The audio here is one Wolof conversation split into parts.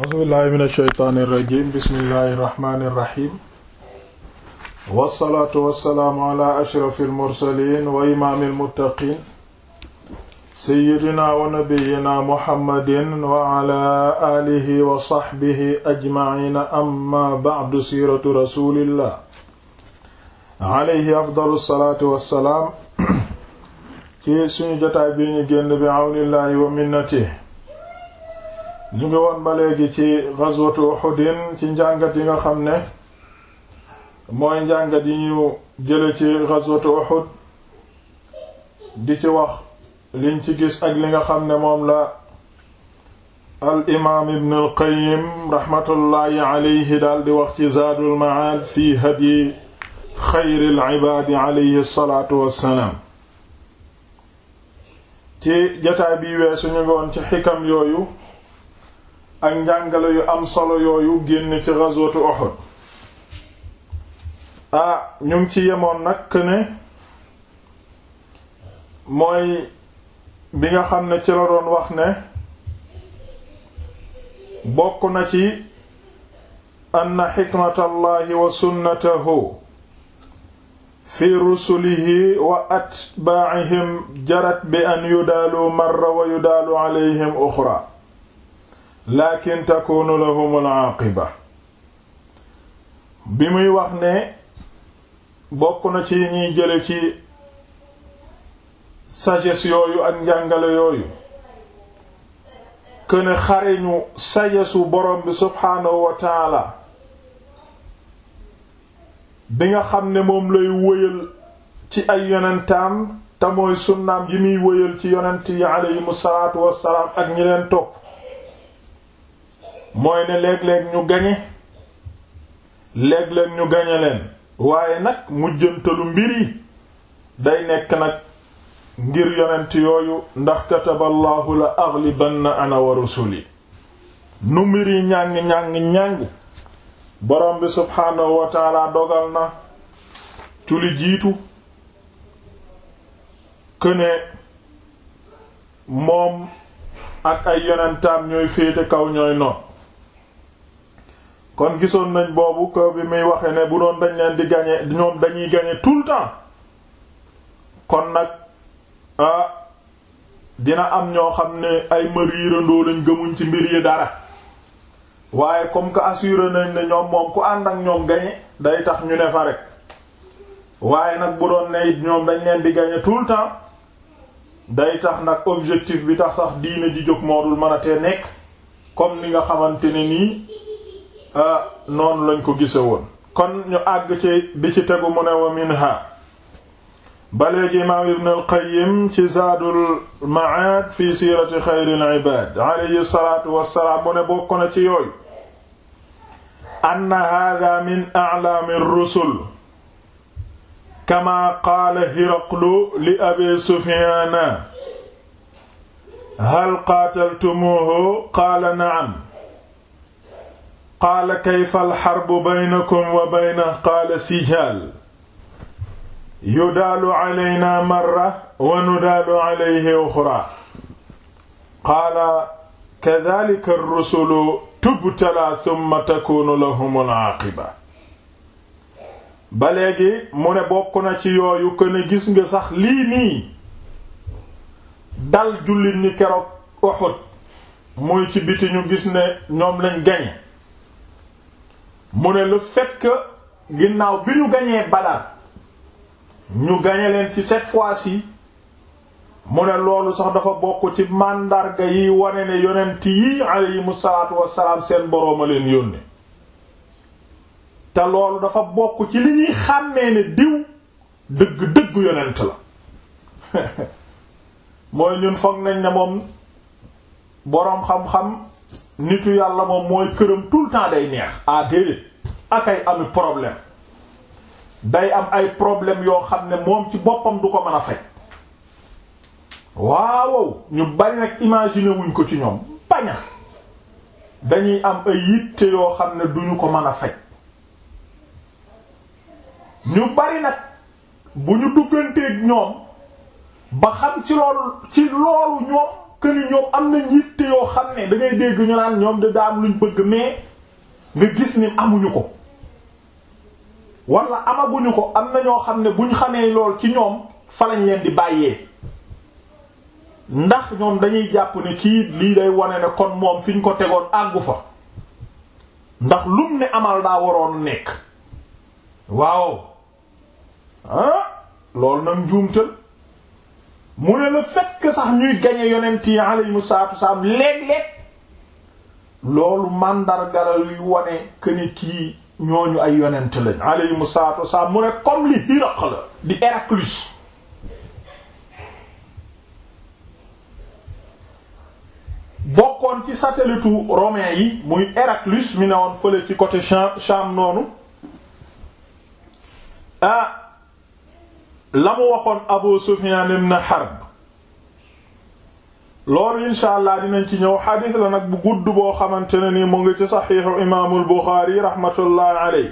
a'uuzubillahi mina shaytaani rajiim bismillahi rahmaani rahiim wassalaatu wassalaamu ala ashrafil mursaliin wa imaamil muttaqiin sayyidina wa nabiyyina muhammadin wa ala aalihi wa sahbihi ajmaciina amma ba'du siiratu rasuulillah alayhi afdalu salaatu wassalaam ci suñu jotaay bi ñu génn bi awnillahi wa minnatihi ñu ngi woon ba léegi ci ghazwatu Uhudin ci njàngat yi nga xam ne mooy njàngat yi ñu jële ci ghazwatu Uhud di ci wax liñ ci gis ak li nga xam ne moom la al imaam ibn al qayyim raxmatullaahi alayhi daal di wax ci zaadul ma'aad fi hadyi xayril ibaadi alayhi salaatu wassalaam ci jotaay bi su ñu ngi woon ci xikam yooyu ak njàngale yu am solo yooyu génn ci ghazwatu Uhud ah ñu ci yemoon nag ne mooy bi nga xam ne ci la doon wax ne bokk na ci an xikmatallahi wa sunnatahu fi rusulihi wa atbaacihim jarat bi an yudaalu marra wa yudaalu calayhim uxra lakin takunu bi muy wax ne bokk na ci ñuy jële ci sagesse yooyu ak njàngale yooyu këne xariñu sayesu borom bi subhaanahu bi nga xam ne moom lay wëyal ci ay yonentaam te mooy sunnaam yi muy wëyal ci yonent yi aleyhimu salaatu wassalaam ak ñi leen topp mooy ne léeg-léeg ñu gañe léeg-léeg ñu gañe leen waaye nag mujjantalu mbir yi day nekk nag ngir yonent yooyu ndax kataballahu la aghlibanna ana wa rusuli nu mbir yi ñàng-ñàng-ñàng borom bi subhaanahu dogal na cu jiitu këne moom ak ay yonentaam ñooy féete kaw ñooy noon kon gisoon nañ boobu ko bi muy waxe ne bu doon dañ leen di gagner ñoom dañuy gagner tout le temps kon nag dina am ñoo xam ne ay mariirandoo lañ gëmuñ ci mbir yi dara waaye comme que assuré nañ ne ñoom moom ku ànd ak ñoom gañe day tax ñu ne fa rek waaye nag bu doon ne it ñoom dañ leen di gañe tout le temps day tax nag objectif bi tax sax diine ji jóg moo dul mën a te nekk comme ni nga xamante ne nii Ah, noonu lañ ko gise woon kon ñu àgg ci bi ci tegu mu ne wa minha ba léegi imaam ibn al-Qayyim ci Zaadul Ma'aad fi siirati xayril ibaad alayhi salaatu wassalaam mu ne bokk na ci yooyu anna haadaa min a'laami rusul kamaa qaala Hiraqlu li Abi Sufyaana hal qaataltumuuhu qaala na'am qaala kayfa alxarbu baynakum wa bayna qaala sijaal yudaalu calaynaa marra wa nudaalu calayhi uxra qaala kadaalika rusulu tubtalaa summa takuunu lahum alcaaqiba ba mu ne bokk na ci yooyu ko ne gis nga sax lii nii dal jullit ñi keroog Uhud muy ci biti ñu gis ne ñoom lañ gañe mu ne lu fait ginnaaw bi ñu gañee Badar ñu gañe leen ci cette fois yi mu ne loolu sax dafa bokk ci màndarga yi wane ne yonent yi aleyhimu salaatu wassalaam seen borooma leen yónne te loolu dafa bokk ci li ñuy xàmmee ne diw dëgg dëgg yonent la mooy ñun foog nañ ne moom boroom xam-xam nitu yàlla moom mooy këram tout le temps day neex ah déedéet akay ami problème day am ay problème yoo xam ne moom ci boppam du ko mën a faj waaw ñu bari nag imaginer wuñ ko ci ñoom baña dañuy am ay yitte yoo xam ne duñu ko mën a faj ñu bari nag bu ñu dugganteeg ñoom ba xam ci loolu ci loolu ñoom que am nañ yitte yoo xam ne da ngay dégg ñu naan ñoom da daa am luñ bëgg mais nga gis ni amuñu ko wala amaguñu ko am na ñoo xam ne buñ xamee lool ci ñoom fa lañ leen di bàyyee ndax ñoom dañuy jàpp ne kii lii day wane ne kon moom fi ñu ko tegoon àggu fa ndax lum ne amal daa waroon nekk waaw ah loolu nag njuumtal mu ne la fekk sax ñuy gañe yonent yi alayhimu salaatu wasalaam léeg-léeg loolu màndargaral yu wane que ni kii ñooñu ay yonent lañ alayhimu salaatu wasalaam mu ne comme li Hiraq la di Héraclus bokkoon ci satellite romain yi muy Héraclus mi ne woon fële ci côté Cham noonu ah la mu waxoon Abu Sufyan na Harb loolu incha allah dinañ ci ñëw xadis la nag bu gudd boo xamante ne nii mu ngi ci saxiixu imaamul buxaari rahmatullahi aley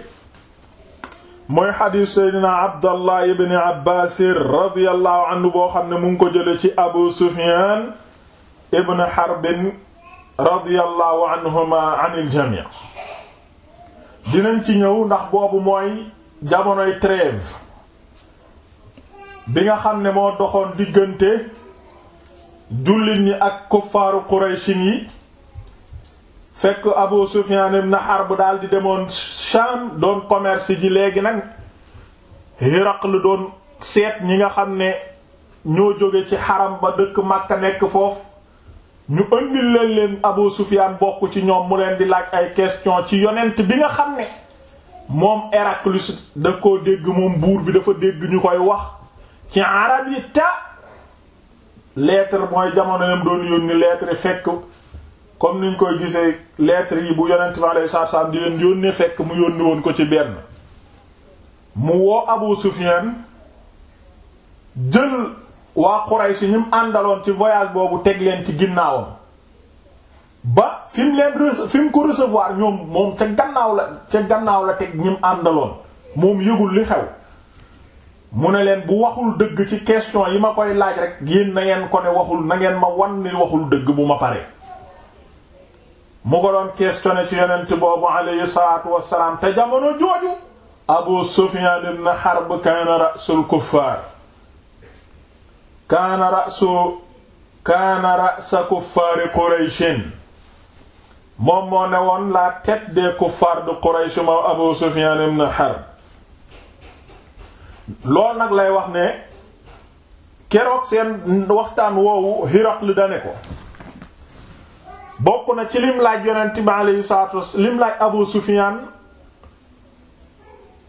mooy xadis seydina abdallah ibni abbaasir radiallahu boo xam ne mu ngi ko jële ci abu sufyan ibn harbin radiallahu anhuma an il jami dinañ ci ñëw ndax boobu mooy jamonoy trêve bi nga xam ne moo doxoon diggante jullit ñi ak kuffaaru quraychin yi fekk Abu Sufyan ibn Harb daal di demoon Sham doon commerce ji léegi nag Hiraql doon seet ñi nga xam ne ñoo jóge ci xaram ba dëkk Makka nekk foofu ñu andil leen leen Abu Sufyan bokk ci ñoom mu leen di laaj ay question ci yonent bi nga xam ne moom Héraclus da koo dégg moom buur bi dafa dégg ñu koy wax ci arab yi ta lettre mooy jamono yam doon yónni lettre fekk comme niñ koy gisee lettre yi bu yonent bi alayhi salaatu salaam di leen yónnee fekk mu yónni woon ko ci benn mu woo Abu Sufyan jël waa Quraysh ñi mu àndaloon ci voyage boobu teg leen ci ginnaawam ba fi mu leen fi mu ko recevoir ñoom moom ca gannaaw la ca gannaaw la teg ñi àndaloon moom yëgul li xew mu ne leen bu waxul dëgg ci question yi ma koy laaj rek yéen na ngeen ko ne waxul na ngeen ma wan ni waxul dëgg bu ma paree mu ko doon questionné ci yonent boobu alayhi salaatu wassalaam te jamono jooju abu sufyan ibn harb kaana ra'sul kuffaar kaana ra'su kaana ra'sa kuffaari qurayshin moom moo ne woon la tête des kuffaar de quraysh moom abu sufyan ibn harb lool nag lay wax ne keroog seen waxtaan woowu lu dane ko bokk na ci lim laaj yonent bi alayhi salaatu lim laaj Abu Sufyaan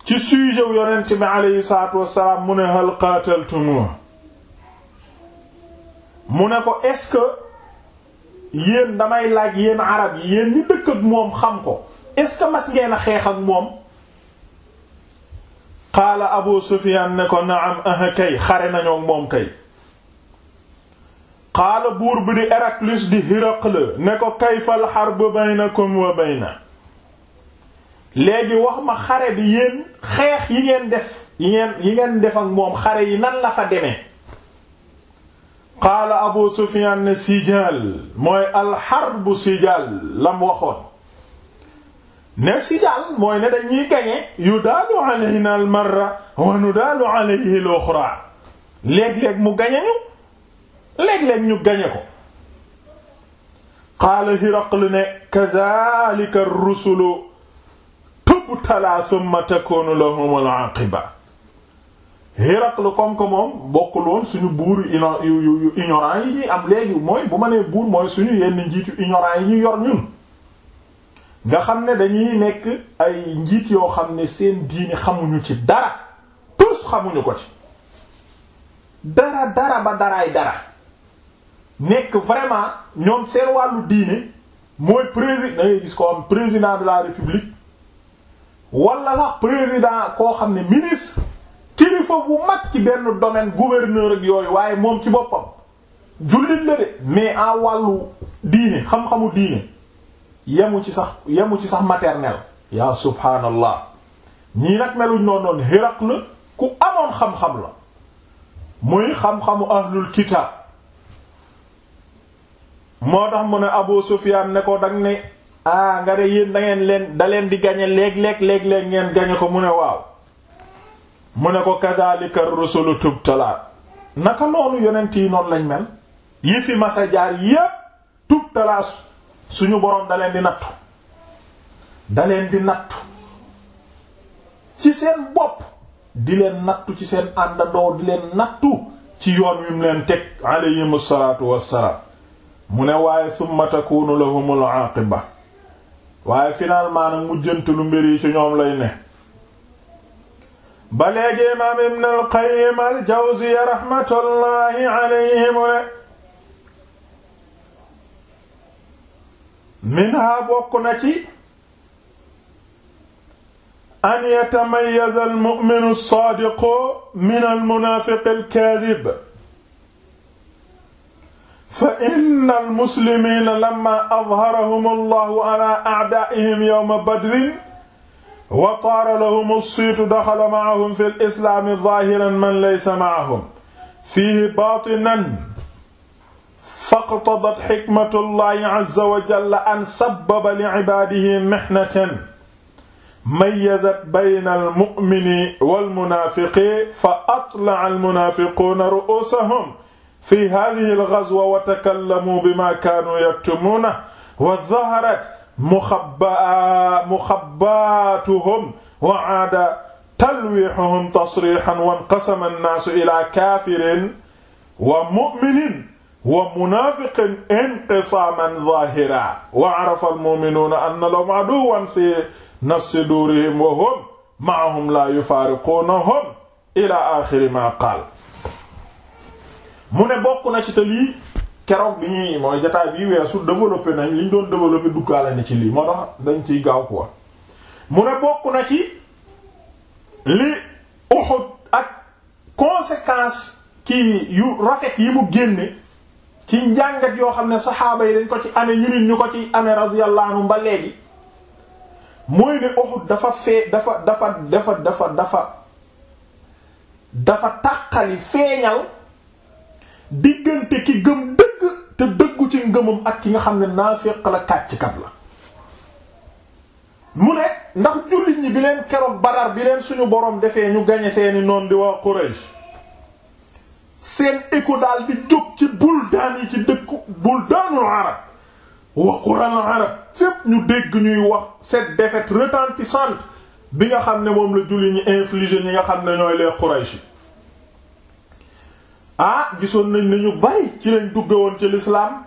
ci sujet wu yonent bi alayhi salaatu mu ne hal qataltumu mu ne ko est yéen damay laaj yéen arab yi yéen ñi ak moom xam ko est-ce que mas ngeen a xeex ak moom qaala abu sufiyaan ne ko naam aha xare nañoo moom kay qaala buur bi di Héraclius di Hiraqle ne ko kayfa al harbu baynakum wa bayna léegi waxuma xare bi yéen xeex yi ngeen def yi ngeen yi def ak moom xare yi nan la fa demee qaala abu sufiyaan ne sijaal mooy al harbu sijaal lam waxoon ne sijaal mooy ne dañuy gañe yu daalu alayna al marra wa nu daalu alayhi al ukhra léeg-léeg mu gañe ñu léeg-léeg ñu gañe ko qaala Hiraql ne kadhalika ar-rusulu tubtala thumma takunu lahum al-aqiba Hiraql comme que moom bokkul woon suñu buur yu ignorant yi ñuy am léegi mooy bu ma nee buur mooy suñu yenn njiitu ignorant yi ñu yor ñun nga xam ne dañuy nekk ay njiit yoo xam ne seen diini xamuñu ci dara tous xamuñu ko ci dara dara ba daraay dara nekk vraiment ñoom seen wàllu diine mooy président gis ko am président de la république wala la président koo xam ne ministre kilifa bu mag ci benn domaine gouverneur ak yooyu waaye moom ci boppam jullit la de mais en wàllu diine xam-xamu diine yemu ci sax yemu ci sax maternel yaa subhaanallah ñii nag meluñ noonu noonu Hiraql la ku amoon xam-xam la muy xam-xamu ahlul kitaab moo tax mu ne Abu Sufyaan ne ko dang ne ah nga de yéen da leen da leen di gañe léeg-léeg léeg-léeg ngeen gañe ko mu ne waaw mu ne ko kadhalika ar-rusulu tubtala naka noonu yonent yi noonu lañ mel yi fi masa jaar yépp tubtalaas suñu boroom da leen di nattu da leen di nattu ci seen bopp di leen nattu ci seen àndandoo di leen nattu ci yoon wi leen teg alayhim salaatu wassalaam mu ne waaye summa takunu lahumul aqiba waaye finalement nag mujjantalu mbir yi ci ñoom lay ne ba léegi imaam ibn al jawziya rahmatullahi alayhi mu minha bokk na ci an yatamayyaza al-mu'minu as-saadiqu min al-munaafiqi al-kaadhib fa inna al-muslimiina lammaa azharahumu Allahu alaa a'daa'ihim yawma badrin wa taara lahum as-siitu daxala ma'ahum fi al-islaami zaahiran man laysa ma'ahum fiihi baatinan iqtadat xikmatullahi azza wa jalla an sababa li cibaadihi mixnatan mayyazat bayna almumini walmunaafiqi fa atlaca almunaafiquuna ru'uusahum fi haadihi algazwa wa takallamu bimaa kaanuu yaktumuuna wa daharat muxabbaatuhum wa caada talwiixuhum tasriixan wa inqasama annaasu ilaa kaafirin wa muminin wa munaafiqin inqisaaman zaahira wa arafa almu'minuuna anna lahum aduwwan fi nafsi duurihim wa hum ma'ahum laa yufaariquunahum ilaa aaxiri qaal mu ne bokk na ci te lii keroog bi ñuy mooy jotaay bi weesu développé nañ li doon développé duggaale na ci lii moo dañ ciy gaaw quoi mu ne bokk na ci li Uhud ak conséquence kii yu rafet yi mu génne ci njàngat yoo xam ne saxaaba yi dañ ko ci amee ñun ñu ko ci amee radiyallahu anhum ba léegi mooy ne Uhud dafa fee dafa dafa dafa dafa dafa dafa tàqali feeñal diggante ki gëm dëgg te dëggu ci ngëmam ak ki nga xam ne naafiq la kàcckat la mu ne ndax jullit ñi bi leen keroog Badar bi leen suñu boroom defee ñu gañe seeni noon di waa Quraysh seen écho daal di jóg ci buldaan yi ci arab wa quran arab fépp ñu dégg ñuy wax set defet défaite retentissante bi nga xam ne moom la julli ñi infligé ñi nga xam ne ñooy les Quraysh ah gisoon nañ ne ñu bari ci lañ dugge woon ci lislaam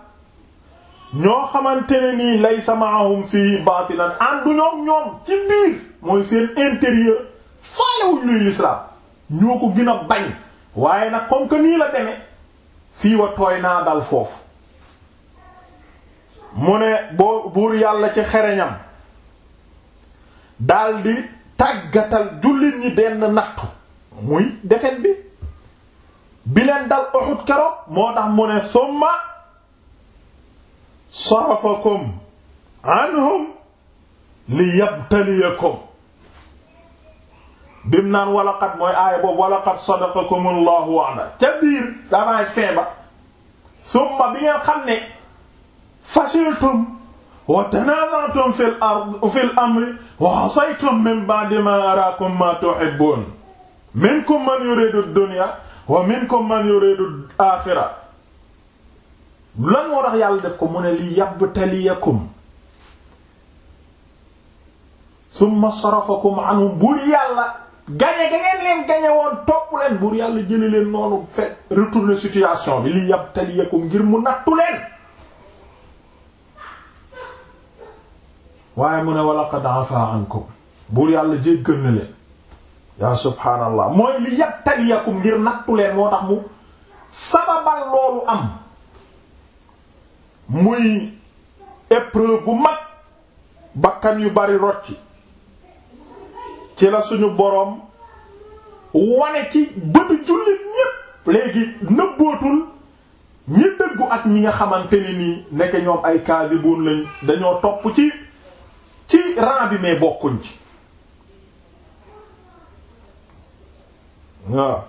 ñoo xamante ne nii lay samaahum fii baatilan àndu ñoom ñoom ci mooy seen intérieur faalewuñ luy l'islam ñoo ko gën a bañ waaye nag comme que nii la deme fii tooy naa dal foofu mu ne boo buur yàlla ci xereñam daldi tàggatal jullit ñi benn nattu muy defet bi bi leen dal Uhud keroog moo tax mu ne summa sarafakum anhum li yabtaliyakum bim naan walaqad mooy aaya boobu walaqad sadaqakum allahu wa'da ca biir damaay fin ba summa bi ngeen xam ne fashiltum wa tanaza'tum fil ard fil amri wa asaytum min ba'di ma araakum ma tuhibbun minkum man yuridu dunya wa minkum man yuridu axira lan moo tax yàlla def ko mu ne li yabtaliyakum summa sarafakum anhum buur yàlla gañe ga ngeen leen gañe woon topp leen buur yàlla jëli leen noonu fait retourner situation bi li yabtaliyakum ngir mu nattu leen waaye mu ne wa laqad afa ankum buur yàlla jéggal na leen yaa subhaanallah mooy li yabtaliyakum ngir nattu leen moo tax mu sababal loolu am muy épreuve bu mag bakkan yu bari rocci ci la suñu boroom wane ci bëtu jullit ñépp léegi nëbbootul ñi dëggu ak ñi nga xamante ni nii nekk ñoom ay kaasibuun lañ dañoo topp ci ci rang bi mais bokkuñ ci waaw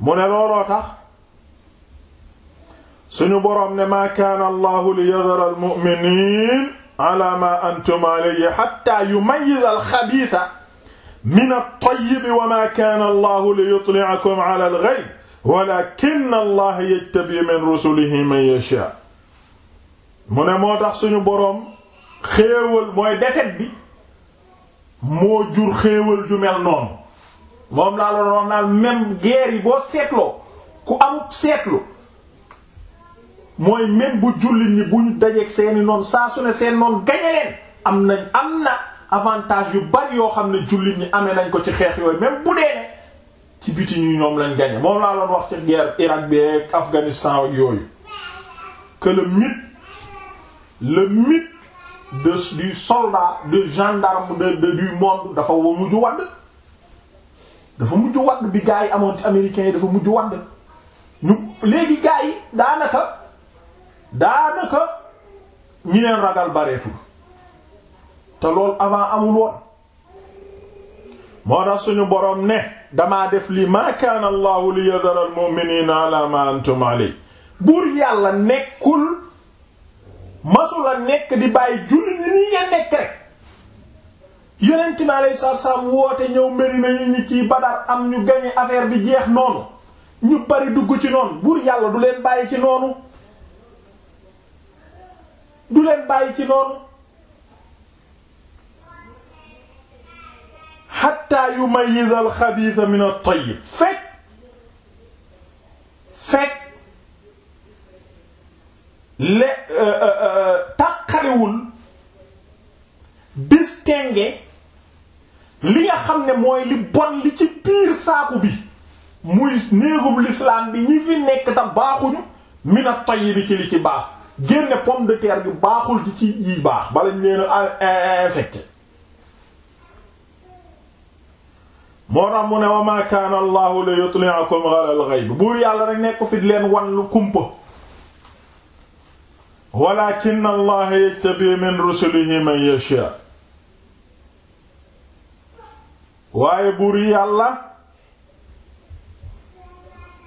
mu ne looloo tax suñu boroom ne ma kaana allahu li mu'miniin ala ma antum alayhi hatta yumayyiz al-khabitha min at-tayyib wa ma kana Allahu liyutli'akum ala al-ghayb walakin Allah yajtabi min rusulihi man yasha mu ne moo tax suñu boroom xéewal mooy defet bi moo jur xéewal ju mel noonu moom laa la doon wax naan même guerre yi boo seetloo ku amub seetlu mooy même bu jullit ñi bu ñu dajeeg seeni noon saa su ne seen noon gañe leen am na am na avantage yu bari yoo xam ne jullit ñi amee nañ ko ci xeex yooyu même bu dee ci biti ñu ñoom lañ gañe moom laa doon wax ci guerre Irak bi Afghanistan ak yooyu que le mythe le mythe de du soldat de gendarme de, monde dafa mujj wadd dafa mujj wadd bi gars yi amoon américain yi dafa mujj wadd ñu léegi gars yi daanaka daanaka ñi leen ragal bareetul te loolu avant amul woon moo tax suñu boroom ne dama def li ma kaana allahu li yadara al mu'minina ala ma antum buur yàlla nekkul masula nekk di bàyyi jullit ñi ni nga nekk rek yonent bi woote ñëw Medina yi ñi kii Badar am ñu gañe affaire bi jeex noonu ñu bari dugg ci noonu buur yàlla du leen bàyyi ci noonu du leen bàyyi ci noonu hatta yumayyiz al xabiisa min at tayyib fekk fekk le euh, euh, euh, tàqalewul distinguer li nga xam ne mooy li bon li ci biir saaku bi muy néegub lislaam bi ñu fi nekk da baaxuñu min at tayyib ci li ci baax génne pomme de terre yu baaxul ci ci yi baax balañ leen a infecté moo tax mu ne wa ma kaana allahu li yutli'akum ala al-ghayb buur yàlla rek nekk fi di leen wan lu kumpa walakin allah yattabi min rusulihi man yasha waaye buur yàlla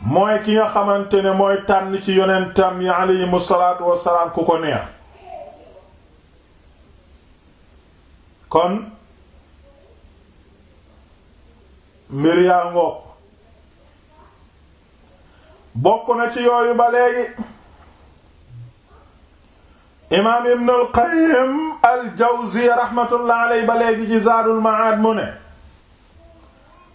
mooy ki nga xamante ne mooy tànn ci yonentam yi aleyhimu salaatu wassalaam ku ko neex kon mbir yaa ngoog ci yooyu ba imaam ibn al qayyim al jawzi rahmatullah aley ba mu ne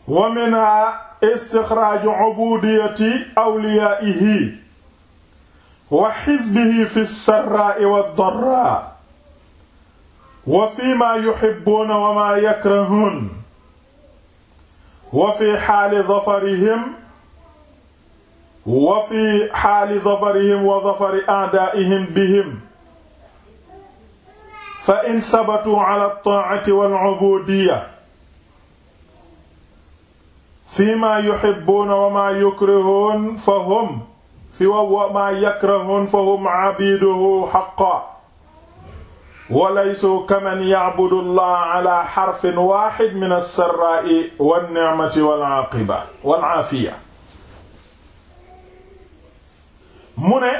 wa minha istixraaju ubudiyati awliyaa'ihi wa xisbihi fi sarraa'i wad-darraa'i wa fi maa yuhibbuuna wa maa yakrahuun wa fi xaali zafarihim wa fi xaali zafarihim wa zafari a'daa'ihim bihim fa in sabatuu ala at-taa'ati wal-ubudiyya fi ma yuhibbuuna wa ma yukrahuun fa hum fi wa ma yakrahuun fa hum abiduhu haqqan wa laysu kaman ya'budu allaha ala harfin wahid min as-sarra'i wan-ni'mati wal-'aaqiba wal-'aafiya mu ne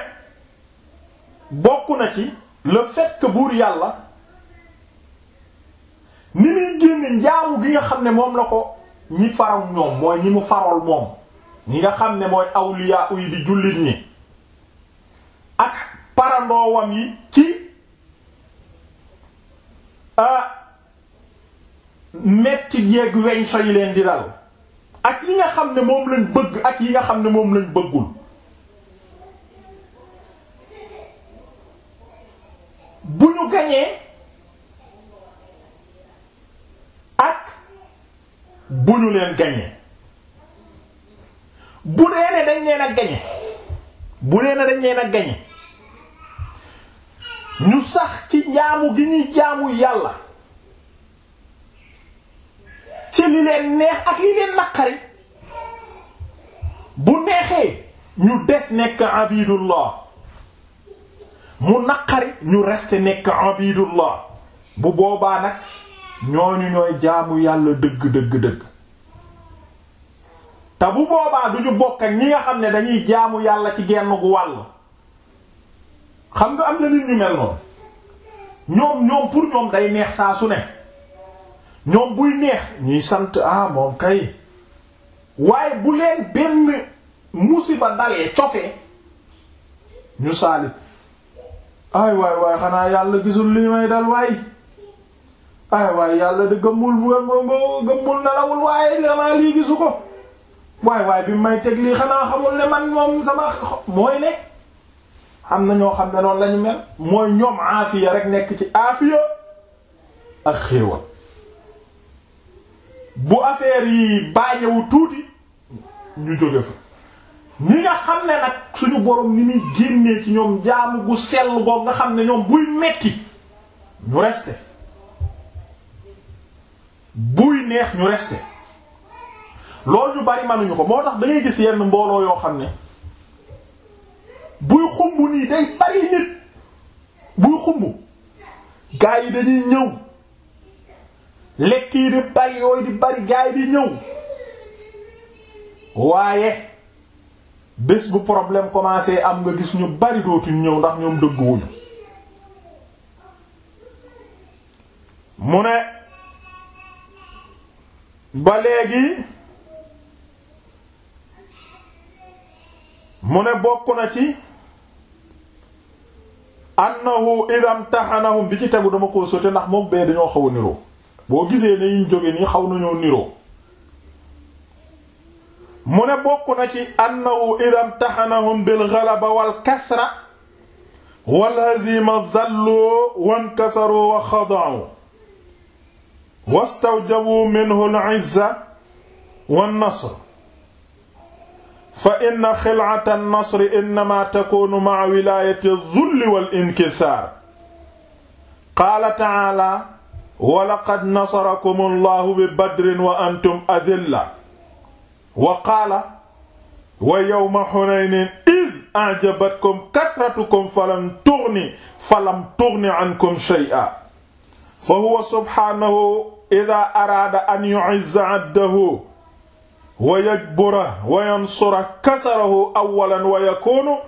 bokk na ci le fait que buur yàlla ni muy génne njaamu gi nga xam ne moom la ko ñi faraw ñoom mooy ñi mu farool moom ñi nga xam ne mooy awliya uy di jullit ñi ak parandoowam yi ci metti yeeg weñ so yi leen di dal ak yi nga xam ne moom lañ bëgg ak yi nga xam ne moom lañ bëggul bu ñu gañee bu ñu leen gañee bu dee ne dañ leen a gañe bu dee ne dañ leen a gañe ñu sax ci jaamu gi ñuy jaamu yàlla ci li leen neex ak li leen naqari bu neexee ñu des nekk abidullah mu naqari ñu rest nekk abidullah bu boobaa nag ñooñu ñooy jaamu yàlla dëgg dëgg dëgg te bu boobaa du ñu bokk ak ñi nga xam ne dañuy jaamu yàlla ci genn gu wàll xam nga am na nit ñu mel noonu ñoom ñoom pour ñoom day neex saa su ne ñoom buy neex ñuy sant ah moom kay waaye bu leen benn musiba dalee waay waay xanaa yàlla gisul li may dal waay ay waaye yàlla de gëmmul gëmmul nelawul waaye xanaa lii gisu ko waay waay bi may teg lii xanaa xamul ne man moom sama mooy ne am na ñoo xam ne noonu lañu mel mooy ñoom aafiya rek nekk ci aafiya ak xéewal bu affaire yi bàññewu tuuti ñu jóge fa ñi nga xam ne nag suñu borom ni muy génnee ci ñoom jaamu gu sell goog nga xam ne ñoom buy metti ñu reste buy neex ñu reste loolu ñu bari manuñu ko moo tax da ngay gis yenn mbooloo yoo xam ne buy xumb nii day bari nit buy xumb gaa yi dañuy ñëw lekk yi di bari yooyu di bari gaa yi di ñëw waaye bés bu problème commencé am nga gis ñu bari dootuñ ñëw ndax ñoom dëgguwuñu mu ne ba léegi mu ne bokk na ci annahu idam taxanahum bi ci tegu dama ko sote ndax moom bee dañoo xaw a niroo boo gisee ne yiñ jóge nii xaw nañoo niroo mu ne bokk na ci annahu idam taxanahum bil ghalaba wal kasra wal hazima dhallu wankasaru wa wastawjabu minhu al-izza wan-nasr fa inna xil'ata an-nasr innama takunu ma'a wilayati adh-dhull wal-inkisaar qaala ta'aala wa laqad nasarakum allahu bi badrin wa antum adilla wa qaala wa yawma hunaynin idh a'jabatkum kasratukum falam tughni falam tughni ankum shay'a fa huwa subhaanahu ida araada an yu'izza abdahu wa yajbura wa yansura kasarahu awalan wa yakunu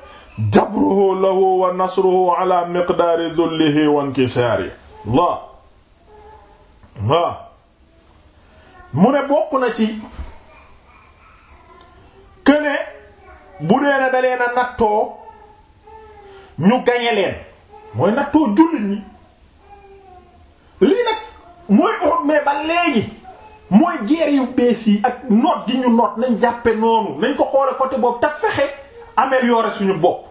jabruhu lahu wa nasruhu ala miqdaari dhullihi wa inkisaari la waaw mu ne bokk na ci këne bu dee na da leen a nattoo ñu gañe leen mooy nattoo jullit ñi lii nag mooy Uhud mais ba léegi mooy guerre yu bees yi ak noot gi ñu noot nañ jàppe noonu nañ ko xoole côté boobu te fexe améliorer suñu bopp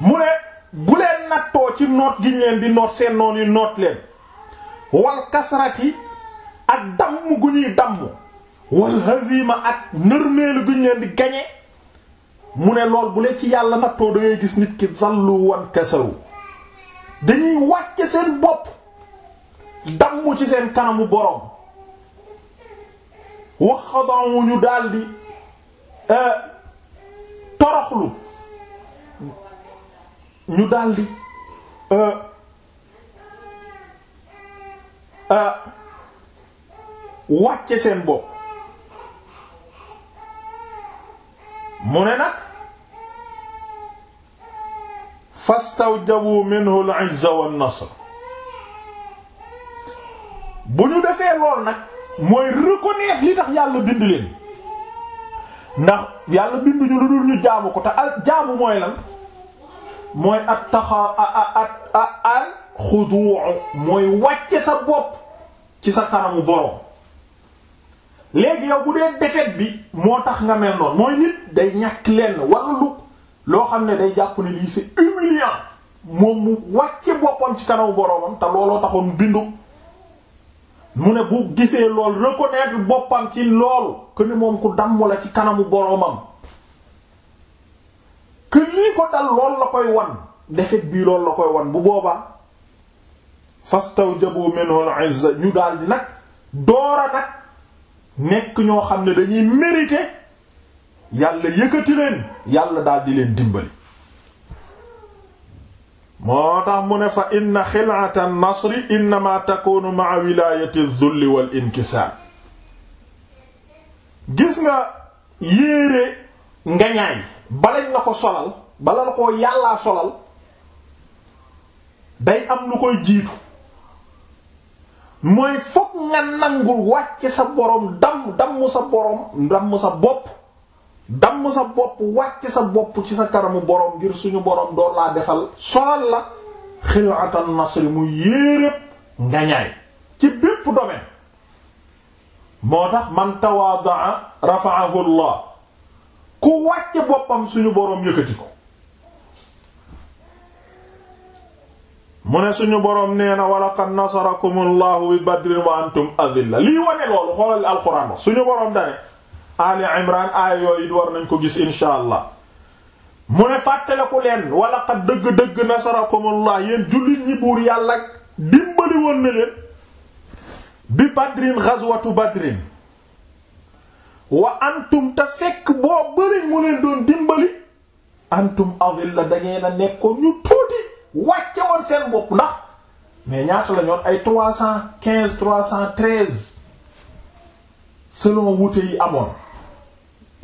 mu ne bu leen nattoo ci noot giñ leen di noot seen noon yi noot leen wal kasrati ak damm gu ñuy damm wal hazima ak nërmeelu guñ leen di gañe mu ne lool bu leen ci yàlla nattoo da gis nit ki zallu wan kasaru dañuy wàcce seen bopp damm ci seen kanamu boroom wax xadon ñu daldi euh, toroxlu ñu daldi euh, euh, wàcce seen bopp mu ne nag fastawjabu minhu al-izza wan-nasr bu ñu defee lool nag mooy reconnaître li tax yàlla bind leen ndax yàlla bind ñu lu dul ñu jaamu ko te al jaamu mooy lan mooy at taxa a a al xudu mooy wàcce sa bopp ci sa kanamu borom léegi yow bu dee defet bi moo tax nga mel noonu mooy nit day ñàkk lenn wala loo xam ne day jàpp ne lii c'est humiliant moom mu wàcc boppam ci kanamu boroomam te looloo taxoon bindu mu ne bu gisee lool reconnaître boppam ci loolu que moom ku damm la ci kanamu boroomam que ko dal lool la koy wan defet bii lool la koy wan bu boobaa fastawjabu minhu al-izza ñu daal di nag doora nag nekk ñoo xam ne dañuy mériter. yàlla yëkkati leen yàlla daal di leen dimbali moo tax mu ne fa inna xilata nasri innama takunu maa wilayati dhulli wal inkisaar gis nga yéere ngañaay balañ na ko solal bala na ko yàllaa solal day am lu koy jiitu mooy fokk nga nangul wàcce sa boroom damm damm sa boroom damm sa bopp damm sa bopp wàcc sa bopp ci sa kanamu borom ngir suñu borom doon laa defal solal la xilatan nasri mu yéeréb ngañaay ci bépp domaine moo tax man tawadaa rafa'ahu Allah ku wàcce boppam suñu borom yëkkati ko mu ne suñu borom nee na wala laqad nasarakum Allahu bi badrin wa antum adilla lii wane loolu xoolal alxuraan suñu borom dane Ali Imran aaya yooyu war nañ ko gis insha allah mu ne fàttaliku leen wala qad dëgg-dëgg nasarakumullah yéen jullit ñi buur yàlla dimbali woon na leen bi badrin ghazwatu badrin wa antum te fekk boo bëri mu leen doon dimbali antum adilla da ngeen a nekkoon ñu tuuti wàcce woon seen bopp ndax mais ñaata la ay trois cent quinze trois cent treize wute yi amoon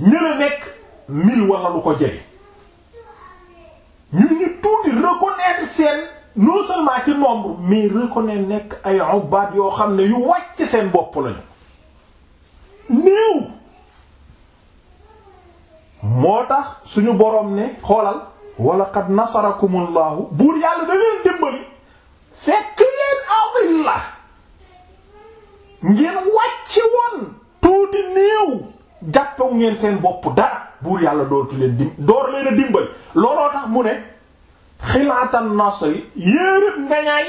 ñëla nekk mille wala lu ko jege ñun ñu tuuti reconnaître seen non ci nombre mais reconnaître nekk ay ubaad yoo xam ne yu wàcc seen bopp lañu néew moo tax suñu boroom ne xoolal walla kat nasarakumullahu buur yàlla da leen dimbali fekk leen awil la ngeen wàcc woon tuuti néew jàppewu ngeen seen bopp dara buur yàlla dootu leen dim door leen a looloo tax mu ne xilaatan nasri yéerép nga ñaay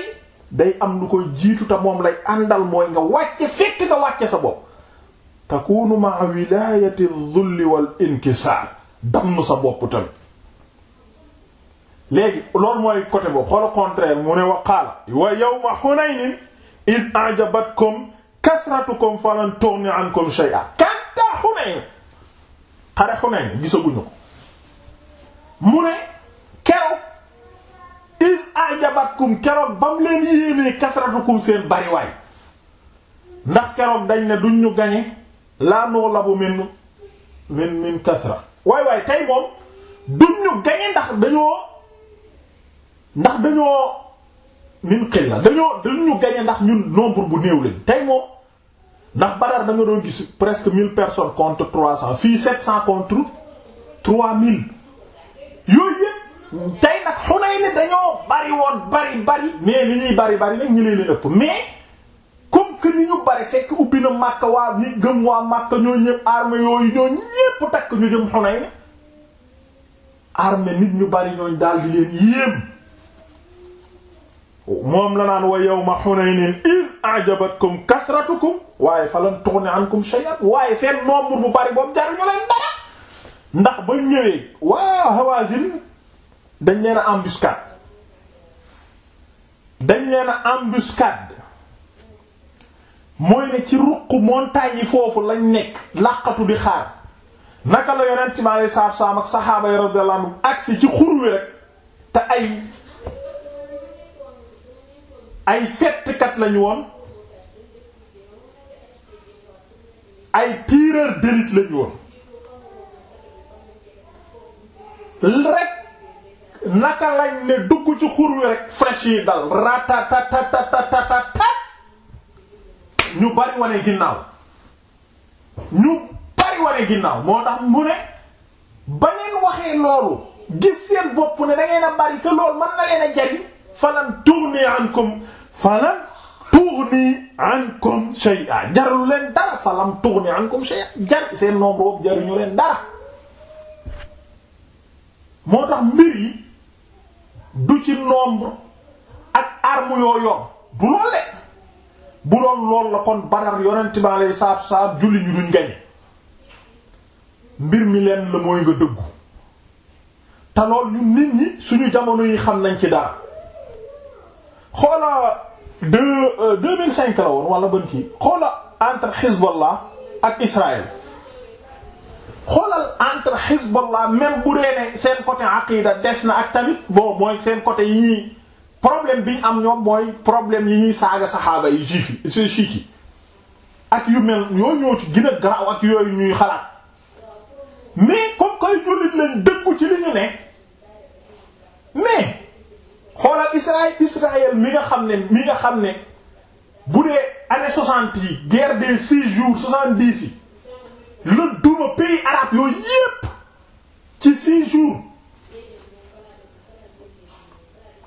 day am lu koy jiitu te moom lay àndal mooy nga wàcce fekk nga wàcce sa bopp takunu ma wilayati dhulli wal inkisaar damm sa bopp tamit léegi loolu mooy côté boobu xoola contraire mu ne wa qaala wa yawma hunaynin in a'jabatkum kasratukum falan tughni ankum shay'a xatta Hunayn xare Hunayn gisaguñu ko mu ne keroog iz ajabatkum keroog ba mu leen yéenee kasratukum seen bariwaay ndax keroog dañ ne duñ ñu gañe laa noo labu min min min kasra waay waay tey moom duñ ñu gañe ndax dañoo ndax dañoo min xilla dañoo duñ ñu gañe ndax ñun nombre bu néew leen tey moom ndax Badar da doon gis presque mille personne contre trois cents fii sept cents contre trois mille yooyu yëpp tey nag xunay ne dañoo bari woon bari bari mais li ñuy bari bari nag ñu leen ëpp mais comme que ni ñu bari fekk ubbi na màkk waa ñi gëm waa màkk ñoo ñëpp armée yooyu ñoo ñépp takk ñu jëm xunay ne armée nit ñu bari ñooñ daal leen yéem moom la naan wa yawma Hunaynin iz a'jabatkum kasratukum waaye falan tughni ankum shay'an waaye seen nombre bu bari boobu jaruñu leen dara ndax ba ñëwee waa Hawazin dañ leen a dañ leen a mooy ne ci ruq montagne yi foofu lañ nekk laqatu di xaar naka la yonent mi alayhi salaatu salaam ak saxaaba yi radiyallahu anhum agsi ci xur wi rek te ay ay fettkat lañu woon ay tireur d'élite lañu woon rek naka lañ ne dugg ci xur wi rek flèche yi dal ratatatatatatat ñu bari wane ginnaaw ñu bari wane ginnaaw moo tax mu ne ba leen waxee loolu gis seen bopp ne da ngeen a bari que loolu mën na leen a jariñ falan tughni ankum falan tughni ankum shay'a jaralu leen dara falan tughni ankum shay'a jar seen nombre boobu jaruñu leen dara moo tax mbir yi du ci nombre ak arme yoo du loole bu doon lool la kon Badar yonent bi alayhi salaatu wa julli ñu duñ gañe mbir mi leen la mooy nga dëggu te lool ñun nit ñi suñu jamono yi xam nañ ci dara xoola deux euh, deux cinq la woon wala bën kii xoola entre Hezbollah ak Israël xoolal entre Hezbollah même bu dee ne seen côté aqida des na ak tamit boo mooy seen côté yi ñuy problème bi am ñoom mooy problème yi ñuy saaga saxaaba yi juif yi c'est chiite yi ak yu mel yooyu ñoo ci gën ak yooyu ñuy xalaat mais comme koy jullit leen dëggu ci li ñu ne mais xoolal Israël Israël mi nga xam ne mi nga xam ne bu dee année soixante yi guerre des six jours soixante dix yi la duma pays arabe yooyu yépp ci six jours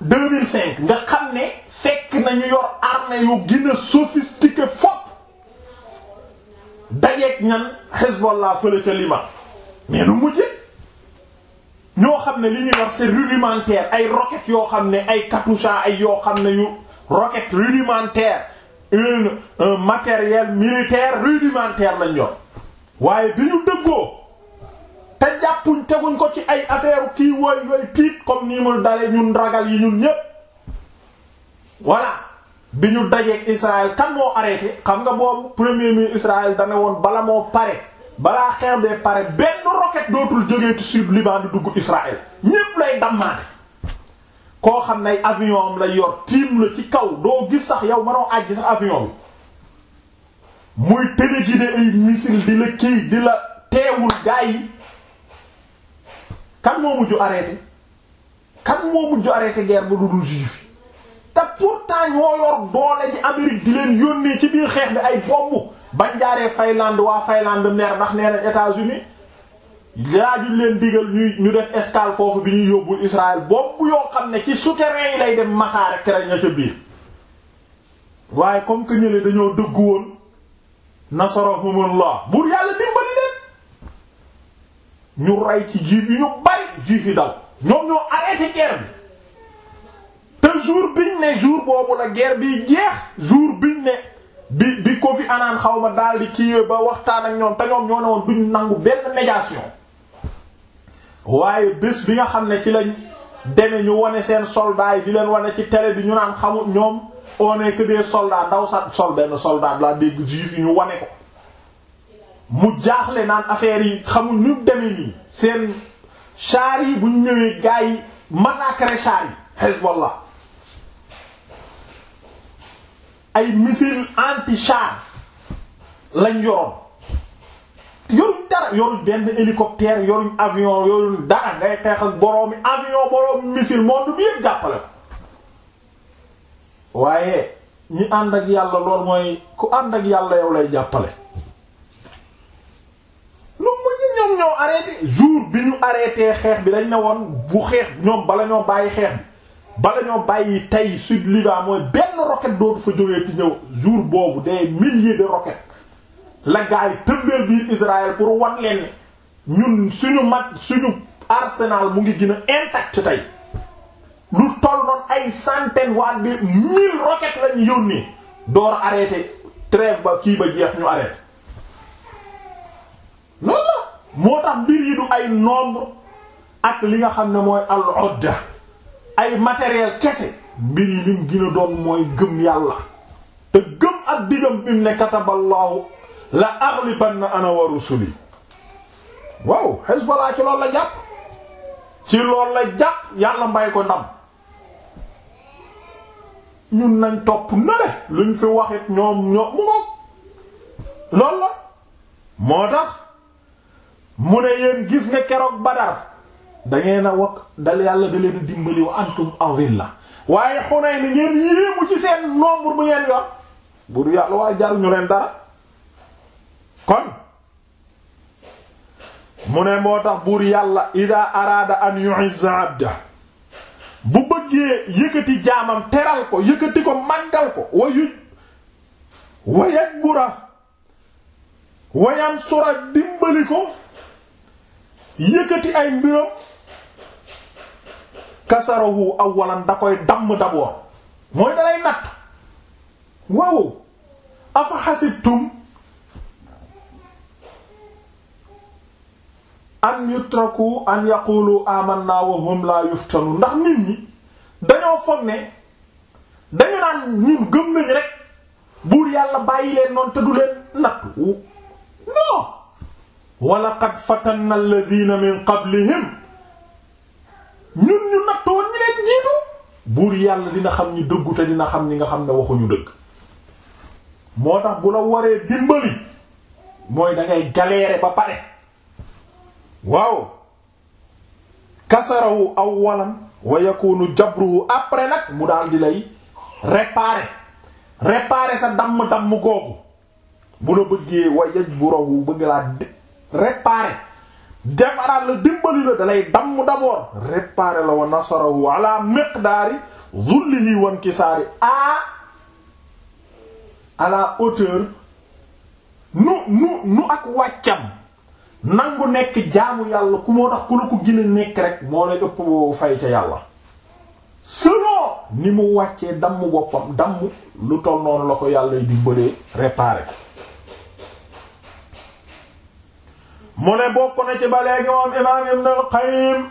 deux mille nga xam ne fekk nañu yor armée yu gën a sophistiqué fopp dajeeg ñan Hezbollah fële ca Liban mais nu mujjee ñoo xam ne li ñu yor c'est rudimentaire ay roquettes yoo xam ne ay katusha ay yoo xam ne yu roquettes rudimentaires une un matériel militaire rudimentaire lañ yor waaye bi ñu dëggoo te jàppuñ teguñ ko ci ay affaire kii wooy wooy tiit comme nii mu dale ñun ragal yi ñun ñépp voilà bi ñu dajeeg Israël kan moo arrêté xam nga boobu premier ministre Israël dana woon bala moo pare balaa xeer bee pare benn roquette dootul jógeetu sud Liban di dugg Israël ñépp lay dammaate koo xam ne avion am la yor tiim la ci kaw doo gis sax yow manoo àjj sax avion bi muy téléguider ay missile di la kii di la teewul gaa yi kan moo mujj arrêté kan moo mujj arrêté guerre ba dudul juif te pourtant ñoo yor doole ji Amérique di leen yónnee ci biir xeex bi ay bomb bañ jaaree Finlande waa Finlande mer ndax nee nañ États-Unis laajuñ leen digal ñu def escale foofu bi ñuy yóbbul Israël boobu yoo xam ne ci souterrain yi lay dem masaare keroog ña ca biir. waaye dañoo dëggu woon nasarahumullah buur yàlla dimbali leen ñu rey ci juif yi ñu bari juif yi daw ñoom ñoo arrêté guerre bi. te jour biñ ne jour boobu la guerre bi jeex jour biñ ne. bi bi ko fi anaan xaw ma di kii ba waxtaan ak ñoom te ñoom ñoo ne woon duñ nangu benn médiation waaye bés bi nga xam ne ci lañ deme ñu wane seen soldats yi di leen wane ci télé bi ñu naan xamut ñoom on est que des soldats ndaw sa sol benn soldat laa dégg juif yi ñu wane ko mu jaaxle naan affaire yi xamuñ ñu demee nii seen char yi bu ñu ñëwee gaa yi massacre char yi Hezbollah ay missile anti lañ yoroon yoruñ dara yoruñ benn hélicoptère yoruñ avion yoruñ dara ngay xeex ak boroomi avion boroomi missile monde bi yëpp jàppale ko waaye ñi ànd ak yàlla lool mooy ku ànd ak yàlla yow lay jàppale ñoom ñoo arrêté jour bi ñu arrêté xeex bi dañ ne woon bu xeex ñoom bala ñoo bàyyi xeex bi bala ñoo bàyyi tey sud Liban mooy benn roquette dootu fa jógee ci ñëw jour boobu des milliers de roquettes la gaay tëbbee biir Israël pour wan leen ñun suñu mat suñu arsenal mu ngi gën a intact tey lu toll doon ay centaines voire des mille roquettes lañu yónnee door arrêté trêve ba kii ba jeex ñu arrêté loolu moo tax mbir yi du ay nombre ak li nga xam ne mooy al-udda ay matériel kese mbir yi lim gën a mooy gëm yàlla te gëm ak digam bi mu ne kataballaahu la aghlibanna ana wa rusuli waaw Hezbollah ci loolu la jàpp ci loolu la jàpp yàlla mbay ko ndam ñun nañ topp nale luñ fi waxit ñoom ñoom mu ngoog la moo tax mu ne yéen gis nga keroog Badar dangeen a wokk dal yàlla da leen dimbali wa antum azilla waaye Hunayn ni ngeen yéemu ci seen nombre bu ngeen yor budu yàlla waaye jàll leen dara kon mu ne moo tax buur yàlla ida araada an yu'izza abda bu bëggee yëkkati jaamam teral ko yëkkati ko màggal ko wa yuj wa yakbura wa yansura dimbali ko yëkkati ay mbiram kasarahu awwalan da koy damm d'abord mooy dalay natt waaw afa hasibtum an yutraku an yaqulu amanna wa hum la yuftanu ndax nit ñi dañoo foog ne dañu ñun gëm nañ rek buur yàlla bàyyi leen noonu te du leen natt non wa laqad fatanna alladhina min qablihim ñun ñu natt buur yàlla dina xam ni dëggu te dina xam ñi nga xam ne waxuñu dëgg moo tax bu la waree dimbali mooy dangay galérer ba pare waaw kasarawu awwalan wa yakunu jabruhu après nag mu dal di lay réparer réparer sa damm-damm googu bu la bëggee wa yajburuhu bëgg laa réparer defaraat la dimbali la dalay damm d'abord réparer la wa nasarahu ala miqdaari zullihi wa inkisaari a à la hauteur nu nu nu ak wàccam nangu nekk jaamu yàlla ku moo tax ku la ko gën a nekk rek moo lay ëpp fay ca yàlla selon ni mu wàccee damm boppam damm lu toll la ko yàlla di dimbalee réparer mu ne bokk na ci ba léegi moom imaam Ibn al-Qayyim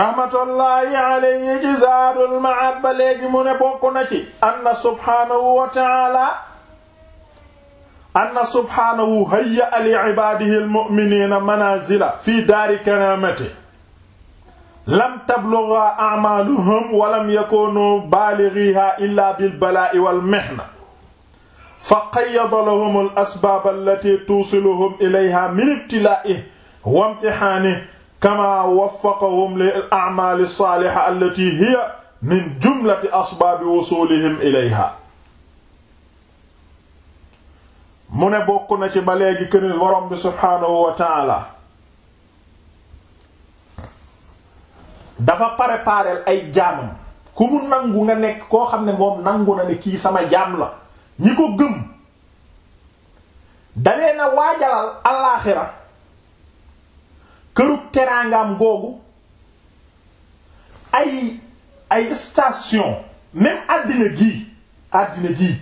rahmatullahi alayhi ci Zaadul Ma'aad ba léegi mu ne bokk na ci anna subhaanahu wa ta'aala anna subhaanahu hayya'a li ibaadihi al-mu'miniina manaazila fii daari karaamatihi lam tablugha a'maaluhum wa lam yakuunuu baalighiihaa illaa bil balaa'i wal mihna fa qayyada lahum al asbaab allati tuusiluhum ilayha min ibtilaa'ihi wa imtihaanihi kamaa waffaqahum lil a'maali saaliha allati hiya min jumlati asbaabi wusuulihim ilayha mu ne bokk ci ba léegi kënil borom subhaanahu wa taala dafa préparel ay jaamam ku mu nangu nga nekk koo xam ne moom nangu na kii sama jaam la ñi ko gëm dalee na waajalal alaaxira kërug teraangaam googu ay ay station même àddina gii àddina gii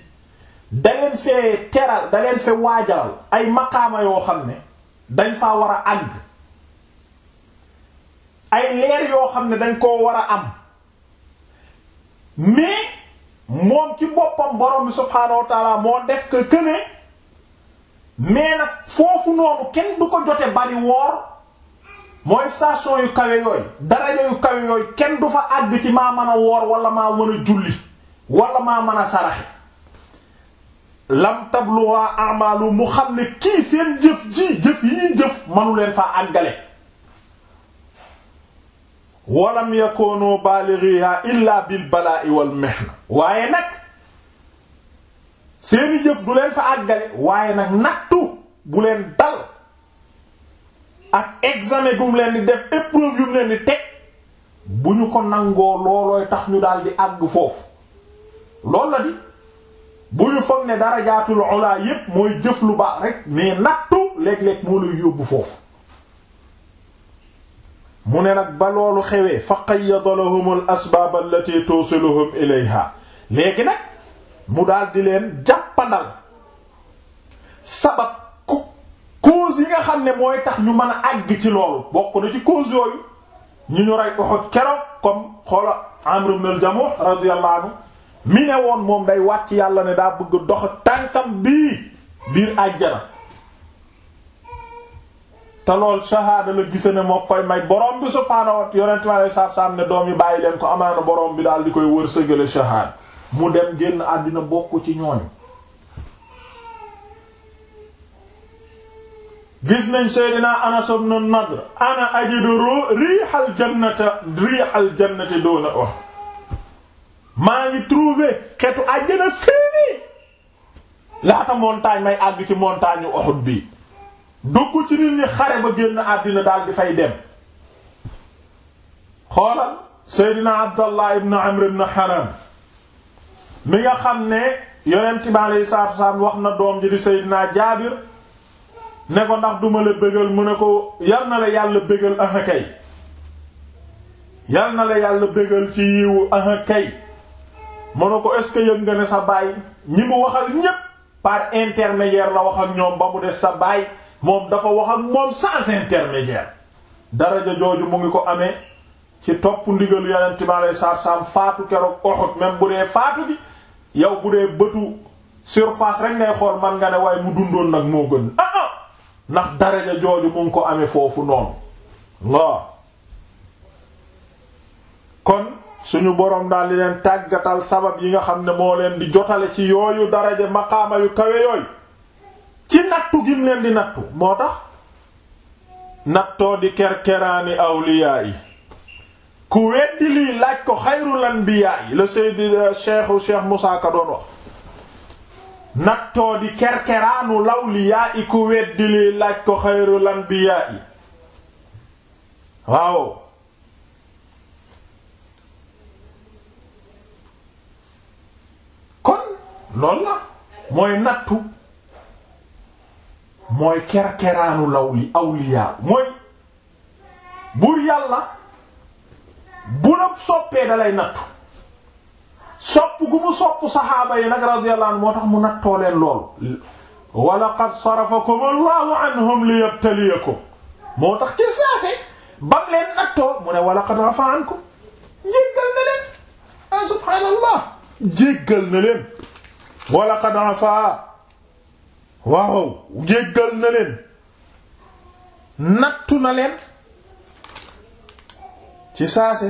da leen fee teral da fee waajalal ay maqaama yoo xam ne dañ faa war a àgg ay leer yoo xam ne dañ koo war a am mais moom ci boppam borom bi subhaanahu wa taala moo def que que ne mais nag foofu noonu kenn du ko jote bari woor mooy station yu kawe yooyu daraja yu kawe yooyu kenn du fa àgg ci maa mën a woor wala maa mën a julli walla maa mën a saraxe lam tabluwa amalu mu xam ne kii seen jëf ji jëf yi ñuy jëf manu leen fa àggale walam yakunu balighiha illa bil balaa'i wal mihna waaye nag seeni jëf du leen fa àggale waaye nag nattu bu leen dal ak examen bu leen di def épreuve yu leen di teg bu ñu ko nangoo loolooy tax ñu daal di àgg foofu loolu la di bu ñu foog ne darajaatul ulaa yépp mooy jëf lu baax rek mais nattu léeg-léeg moo lay yóbbu foofu mu ne nag ba loolu xewee fa qayyada lahum al asbaab allati tusiluhum ilayha léegi nag mu daal di leen jàppandal sabab ku cause yi nga xam ne mooy tax ñu mën a àgg ci loolu bokk na ci cause yooyu ñu ñu rey Uhud keroog comme xoola Amr ibn al-Jamuh radiyallahu mi ne woon moom day wàcc yàlla ne daa bëgg dox tànkam bii biir àjjana te lool shahaada la gise ne moo koy may borom bi subhaanahu wa ta'aala yonent bi ne doom yi bàyyi leen ko amaana borom bi daal di koy wër wërsëgale shahaada mu dem génn àddina bokk ci ñooñu gis nañ Seydina Anas ibn Nadr ana ajidu riihal jannata riihal jannati doona wax maa ngi trouver xetu àjjana fii laata montagne may àgg ci montagne Uhud bi dugg ci nit ñi xare ba génn àddina daal di fay dem xoolal seydina abdallah ibn amr ibn haram mi nga xam ne yonent bi alayhi salaatu wax na doom ji di seydina jaabir ne ko ndax duma la bégal mu ne ko yal na la yàlla bégal aha kay yal na la yàlla bégal ci yiwu aha kay mu ne ko est ce que yëg nga ne sa baay ñi mu waxal ñépp par intermédiaire la wax ak ñoom ba mu des sa baay moom dafa wax ak moom sans intermédiaire daraja jooju mu ngi ko amee ci topp ndigalu yonent bi alayhi salaatu salaam faatu keroog Uhud même bu dee faatu bi yow bu dee bëtu surface rek ngay xool man nga ne waaye mu dundoon nag moo gën ah, ah! ndax daraja jooju mu ngi ko amee foofu noonu laa kon suñu boroom daal di leen tàggatal sabab yi nga xam ne moo leen di jotale ci yooyu daraja maqaama yu kawe yooyu ci nattu gim leen di nattu moo tax nattoo di kerkeraani awliyaa yi ku weddi lii laaj ko xayrul anbiyaa yi la seydi cheikhu cheikh Moussa Ka doon wax nattoo di kerkeraanu lawliyaa yi ku weddi lii laaj ko xayrul anbiyaa yi waaw kon loolu la mooy nattu mooy kerkeraanu law li awliya mooy buur yàlla bu la soppee dalay nattu sopp gu mu sopp saxaaba yi nag radiyallahu anhu moo tax mu nattoo leen loolu wa laqad sarafakum allahu anhum liyabtaliyakum moo tax ci saase bam leen nattoo mu ne wa laqad afa ankum jéggal na leen ah subhaanallah jéggal na leen wa laqad afa waaw jéggal na leen nattu na leen ci saase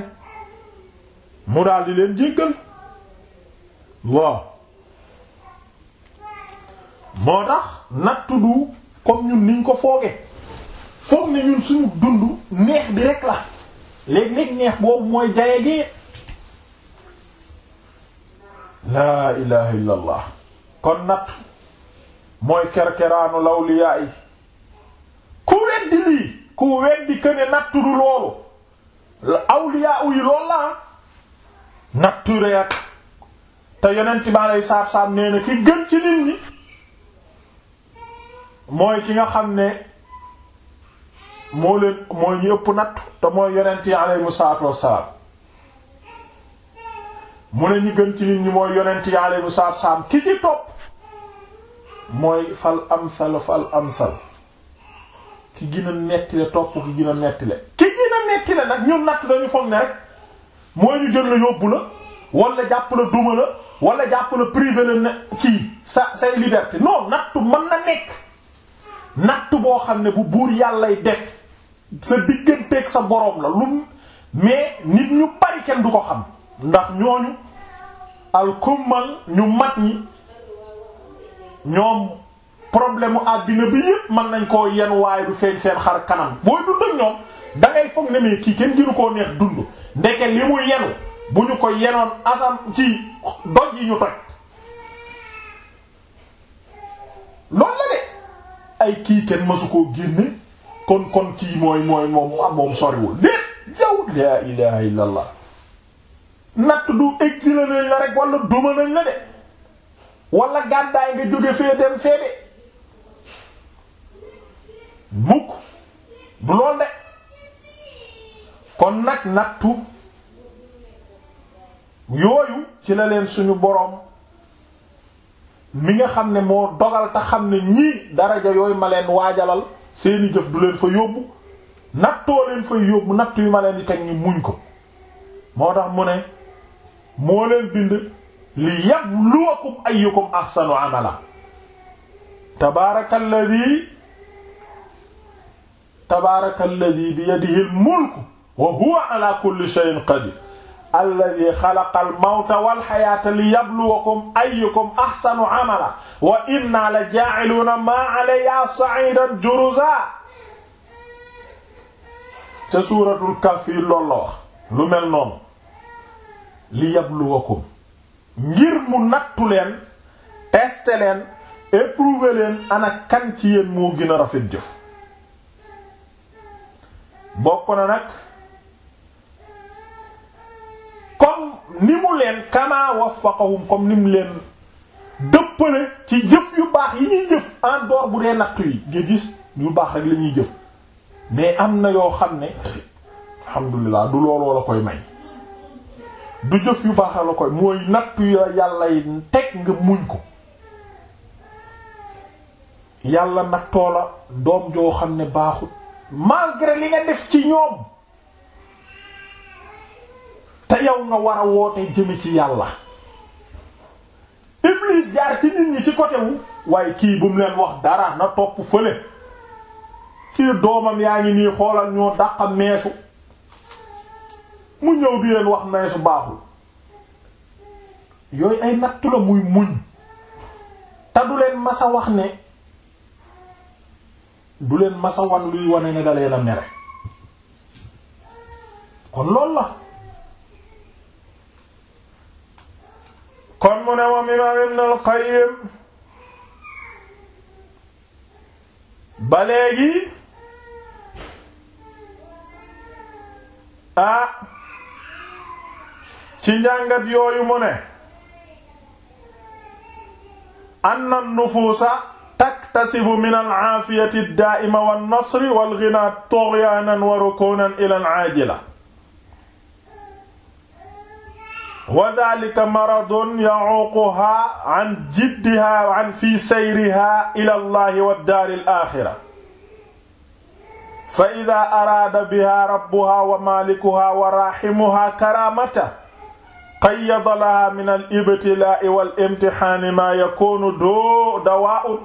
mu daal di leen jéggal waaw moo tax nattu du comme ñun niñ ko fooge foog ne ñun suñu dund neex bi rek la léeg-léeg neex boobu mooy jaye gi laa ilaha illa allah kon nattu mooy kerkeraanu lawliyaa yi ku weddi lii ku weddi këne nattu du loolu awliyaa yi loolu la ah. nattu rek te yonent bi aleyhi salaatu salaam nee na ki gën ci nit ñi mooy ki nga xam ne moo leen mooy ñu ëpp nattu te mooy yonent yi aleyhi salaatu mu ne ñi gën ci nit ñi mooy yonent yi aleyhi salaatu salaam ki ci topp mooy fal amsal fal amsal ki gën a nettile topp ki gën a nettile ki gën a nettile nag ñun natt dañu foog ne rek mooy ñu jël la yóbbu la wala jàpp la duma la wala jàpp la privé la ne kii sa say liberté non nattu man na nekk nattu boo xam ne bu buur yàllay def sa digganteeg sa boroom la lu mais nit ñu bari kenn du ko xam ndax ñooñu alkumal ñu mat ñi ñoom problème mu àddina bi yépp mën nañ koo yenn waaye du feeñ seen xar kanam booy dund ak ñoom da ngay foog ne mais kii kenn gënu koo neex dund ndeke li mu yenu bu ñu ko yenoon asam ci doj yi ñu toj loolu la de ay kii kenn masu koo génne kon kon kii mooy mooy moom am moom soriwul déet yow laa ilaha illa natt du exilé nañ la rek wala duma nañ la de wala gàddaay nga jóge fee dem fee de mukk du lool de kon nag nattu yooyu ci la leen suñu boroom mi nga xam ne moo dogal te xam ne ñii daraja yooyu ma leen waajalal seeni jëf du leen fa yóbbu nattoo leen fay yóbbu natt yu ma leen di teg muñ ko moo tax mu ne moo leen bind li yabluwakum ayyukum ahsanu amala tabaarakalladi tabaarakalladi biyadihi almulku wa huwa ala kulli shay'in qadir alladi xalaqa almawta walxayaata liyabluwakum ayyukum ahsanu amala wa inna la jaaciluuna maa alayha saciidan juruza ca suuratul kahf loolu la wax lu mel noonu liyabluwakum ngir mu nattu leen tester leen éprouver leen ana kan ci yéen moo gën a rafet jëf bokk na nag comme ni mu leen kama waffaqahum comme ni mu leen dëppale ci jëf yu baax yi ñuy jëf en dehors bu dee nattu yi nga gis yu baax rek la jëf mais am na yoo xam ne alhamdulilah du looloo la koy may du jëf yu baax la koy mooy nattu yàlla yi teg nga muñ ko yàlla nag toola doom joo xam ne baaxut malgré li nga def ci ñoom te yow nga war a woote jëme ci yàlla iblis jaar ci nit ñi ci côté waaye kii bu mu leen wax dara na topp fële kii doomam yaa ngi nii xoolal ñoo dàqa meesu mu ñëw di leen wax meesu baaxul yooyu ay nattu la muy muñ te du leen masa wax ne du leen masa wan luy wane ne dalee la mere kon loolu la kon mu ne moom imaam Ibn al-Qayyim ba léegi ah ci njàngat yooyu mu ne anna nufuusa taktasibu min al-aafiyati ad-daa'ima wan-nasri wal-ghinaa tughyaanan wa rukuunan ilaa al-aajila wa dhaalika maradun ya'uuquhaa 'an jiddihaa 'an fii sayrihaa ilaa Allaahi wad-daari al-aaxira fa idhaa araada bihaa rabbuhaa wa maalikuhaa wa raahimuhaa karaamatahu qayyada laha min al ibtilaa'i wal imtihaani maa yakuunu doo dawaa'un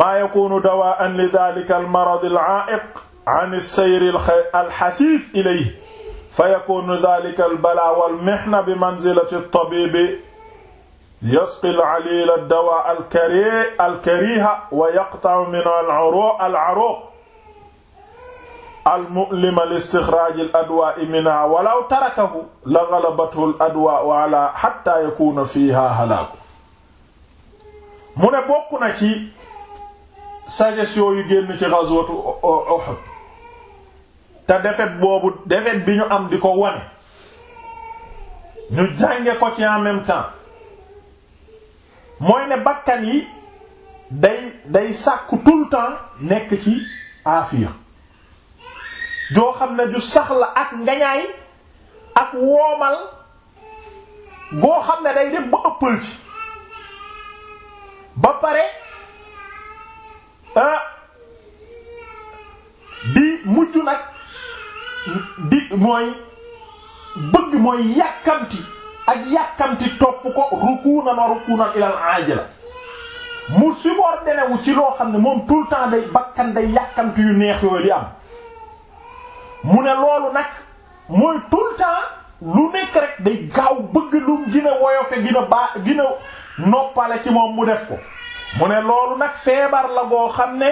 maa yakuunu dawaa'an li daalika al marad al aa'iq an as-sayr al hasiis ilayhi fa yakuunu daalika al balaa wal mihna bi manzilati at-tabiib yasqi al-'aliil ad-dawaa'a al-kariiha wa yaqta'u minhu al-'uruuq almulima li istixraaj al adwaa minha walaw tarakahu la galabathu al adwaa ala xatta yakuna fiha halaaku mu ne bokk na ci sagesse yooyu génn ci ghazwatu Uhud te défaite bi ñu am di ko wane ñu jànge ko ci en même temps mooy ne bakkan yi day day sàkku tout le temps nekk ci aafiya joo xam ne ju sax la ak ngañaay ak woomal goo xam ne day def ba ëppal ci ba pare ah, di mujj nag di mooy bëgg mooy yàkkamti ak yàkkamti topp ko rukunan wa rukunan ilal ajila mu subordonné wu ci loo xam ne moom tout le temps day bakkan day yàkkamti yu neex yooyu di am mu ne loolu nag mooy tout le temps lu nekk rek day gaaw bëgg lu gina woyofe gina baa gina noppale ci moom mu def ko mu ne loolu nag feebar la goo xam ne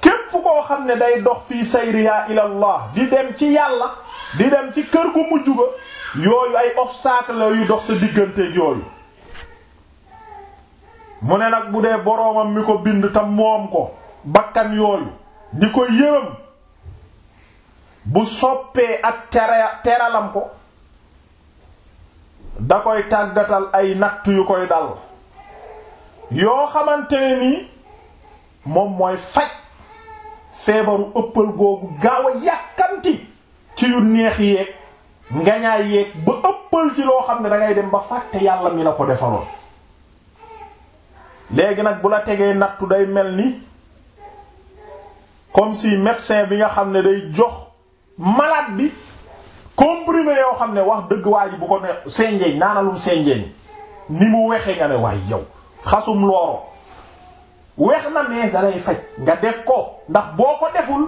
képp koo xam ne day dox fii sayriya ilallah di dem ci yàlla di dem ci kër gu mujj ga yooyu ay obstacle la yu dox sa digganteeg yooyu mu ne nag bu dee boroomam mi ko bind tam moom ko bakkan yooyu di ko yërëm bu soppee ak tera teralam ko da koy tàggatal ay natt yu koy dal yoo xamante ne moom mooy faj feebaru ëppal googu gaaw a yàkkanti ci yu neex yeeg ngañaay yeeg ba ëppal ci loo xam ne dangay dem ba fàtte yàlla mi na ko defaloon léegi nag bu la tegee nattu day mel ni comme si médecin bi nga xam ne day jox malade bi comprimé yoo xam ne wax dëgg waa ji bu ko ne senjeeñ naanalum senjeeñ ni mu weexee nga ne waaye yow xasum looro weex na mais da lay faj nga def ko ndax boo ko deful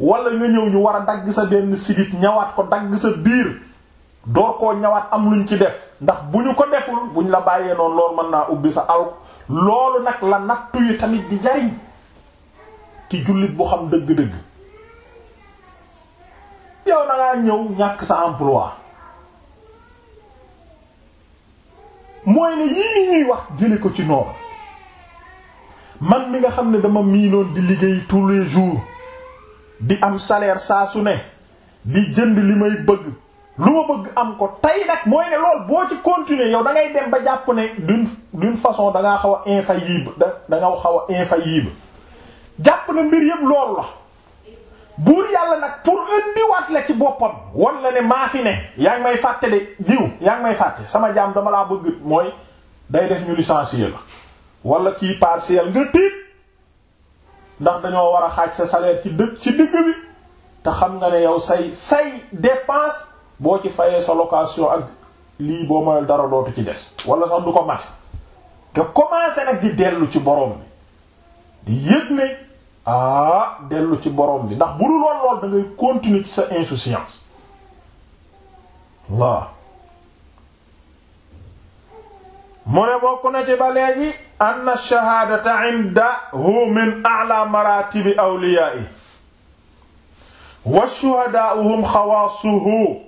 wala nga ñëw ñu war a dagg sa benn sidit ñawaat ko dagg sa biir door koo ñawaat am luñ ci def ndax bu ñu ko deful buñ la bàyyee noonu loolu mën naa ubbi sa al loolu nag la nattu yi tamit di jariñ ci jullit bu xam dëgg-dëgg yow da ñëw ñàkk sa emploi mooy ne yii ñuy wax jële ko ci noonu man mi nga xam ne dama miinoon di liggéey tous les jours di am salaire saa su ne di jënd li may bëgg lu ma bëgg am ko tey nag mooy ne lool boo ci continuer yow dangay dem ba jàpp ne d'une d'une façon da ngaa xaw a infaillible da xaw a infaillible jàpp ne mbir yëpp loolu la buur yàlla nag pour indiwaat la ci boppam wan la ne maa fi ne yaa ngi may fàtte de diw yaa ngi may fàtte sama jaam dama laa bëgg mooy day def ñu licencier la wala kii partiel nga tiit ndax dañoo war a xaaj sa salaire ci dëkk ci digg bi te xam nga ne yow say say dépense boo ci fayee sa location ak lii boo mayol dara dootu ci des wala sax du ko mat nga commencé nag di dellu ci boroom bi di ne ah dellu ci borom bi ndax bu dul woon lool da ngay continuer ci sa insouciance waaw mu ne bokk na ci ba léegi anna shahaadata indahu min a'la maratibi awliyaa'i wa shuhadaa'uhum xawaasuhu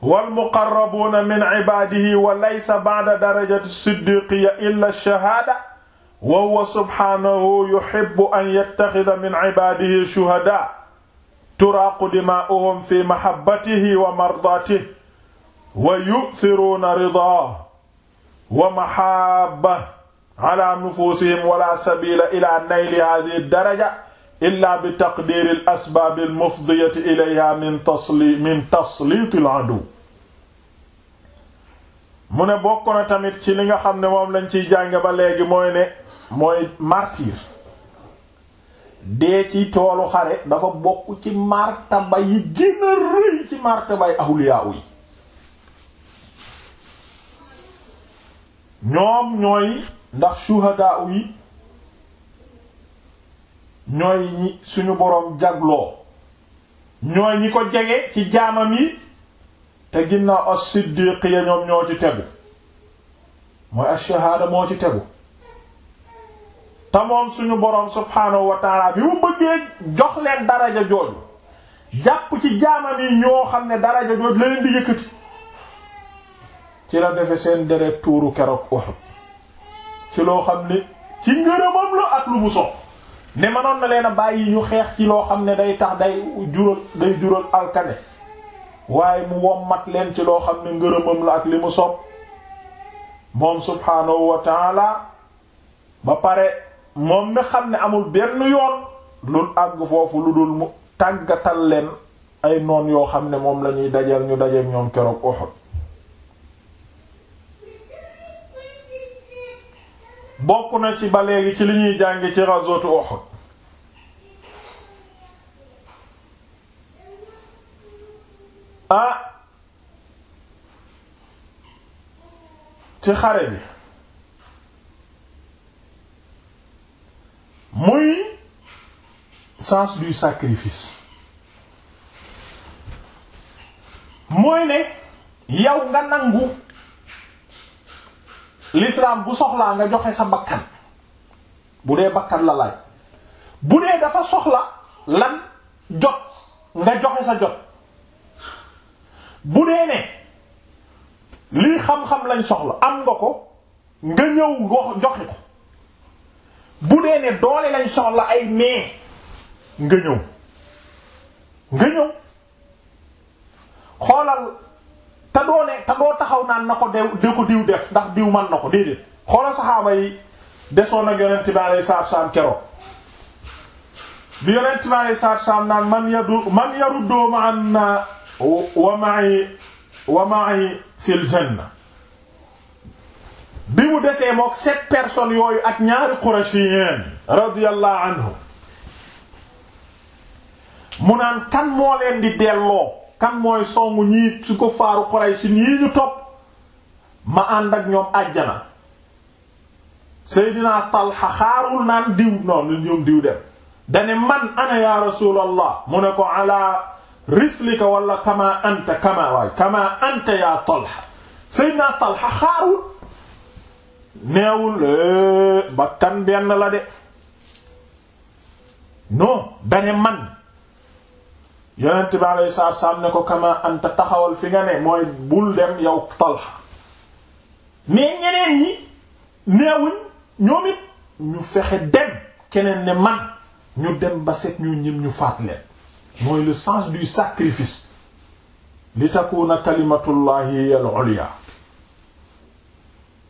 wal muqarrabuuna min ibaadihi wa laysa ba'da darajati siddiqiyya illa shahaada wa huwa subhaanahu yuhibbu an yattaxida min cibaadihi shuhadaa turaaqu dimaa'uhum fi mahabbatihi wa mardaatihi wa yu'thiruuna ridaahu wa mahabba ala nufuusihim wala sabiila ila nayli haadihi daraja illa bi taqdiiri al asbaabi al mufdiyati ilayha min tasli min tasliiti al aduw mu ne bokk na tamit ci li nga xam ne moom lañ ciy jàng ba léegi mooy ne mooy martyr dee ci toolu xare dafa bokk ci martaba yi gën a rëy ci martabay awliyaa yi ñoom ñooy ndax shuhadaa yi ñooy ñi suñu boroom jagloo ñooy ñi ko jege ci jaamam yi te ginnaaw as-siddiqiyya ñoom ñoo ci tegu mooy ash moo ci tegu te moom suñu boroom subhaanahu wa taala bi mu bëggee jox leen daraja jooju jàpp ci jaamam yi ñoo xam ne daraja jooju la leen di yëkkati ci la defe seen deret tuuru keroog Uhud ci loo xam ne ci ngërëmam la ak lu mu so ne mënoon na leen a bàyyi ñu xeex ci loo xam ne day tax day jural day jural alkane waaye mu wommat leen ci loo xam ne ngërëmam la ak li mu sopp moom subhaanahu wa taala ba pare moom mi xam ne amul benn yoon lul àgg foofu lu dul mu tàggatal leen ay noon yoo xam ne moom lañuy ñuy ñu dajeek ñoom keroog Uhud bokk na ci ba léegi ci li ñuy jàng ci ghazwatu Uhud ah ci xare bi muy sens du sacrifice mooy ne yow nga nangu l'islam bu soxlaa nga joxe sa bakkan bu dee bakkan la laaj bu dee dafa soxla lan jot nga joxe sa jot bu dee ne lii xam-xam lañ soxla am nga ko nga ñëw joxe ko bu dee ne doole lañ soxla ay mais nga ñëw nga ñëw xoolal te doo ne taxaw naan na ko dew de ko diw def ndax diw man na ko déedéet xoolal saxaaba yi desoon ak yonent bi alayhi salaatu salaam keroog bi yonent bi alayhi salaatu naan man yadu man yaruddu ma'anna wa ma'i wa ma'i fil janna bi mu desee mook sept personnes yooyu ak ñaari qurashiyeen radiyallahu anhu mu naan kan moo leen di delloo kan mooy songu ñii su ko faaru quraysh ñii ñu topp ma ànd ak ñoom àjjana seydinaa talxa xaarul naan diw noonu ñoom diw dem dane man ana ya rasulallah mu ne ko ala rislika wala kama anta kama waay kama anta ya talxa seydinaa talxa xaarul neewul eh, bakkan benn la de non dane man yonent bi alayhi salaatu ne ko kama taxawal fi nga ne mooy bul dem yow Talha mais ñeneen ñi neewuñ ñoom it ñu fexe dem keneen ne man ñu dem ba set ñu ñim ñu faat leen mooy le sens du sacrifice li takuna kalimatullahi al ulya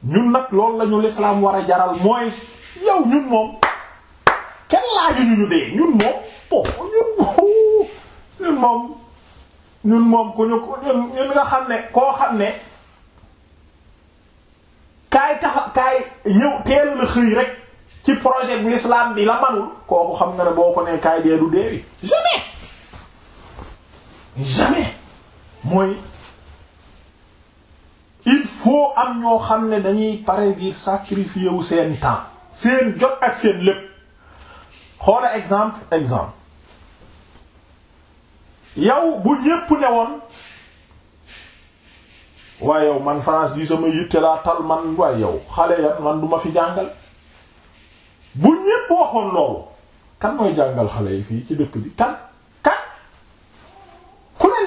ñun nag loolu lañu lislaam war a jaral mooy yow ñun moom kenn laaju ñu dee ñun moom po ñun moom ñun moom ñun moom ku ñun nga xam ne koo xam ne kaay taxa kaay ñëw teelu la xëy rek ci projet bu l'islam bi la manul kooku xam nga ne boo ko nee kaay dee du dee jamais jamais mooy il foo am ñoo xam ne dañuy pare ngir sacrifier wu seen temps seen jot ak seen lépp xoola exemple exemple yow bu ñépp ne woon waaye yow man France di sama yitte laa tal man waaye yow xale ya man duma fi jàngal bu ñépp waxoon loolu kan mooy jàngal xale yi fii ci dëkk bi kan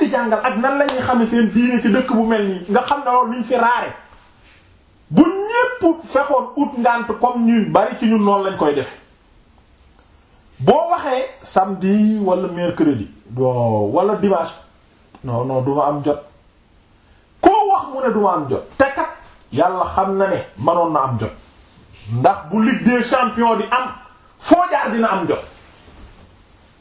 di jàngal ak nan la ñuy xame seen diine ci dëkk bu mel nii nga xam ne loolu luñ fi raare bu ñépp fexoon ut ngànt comme ñuy bari ci ñun noonu lañ koy defe boo waxee samedi wala mercredi bon wala dimanche non non du ma am jot koo wax mu ne du am jot te kat yàlla xam na ne manoon na am jot ndax bu Ligue des champions di am foo jaar dina am jot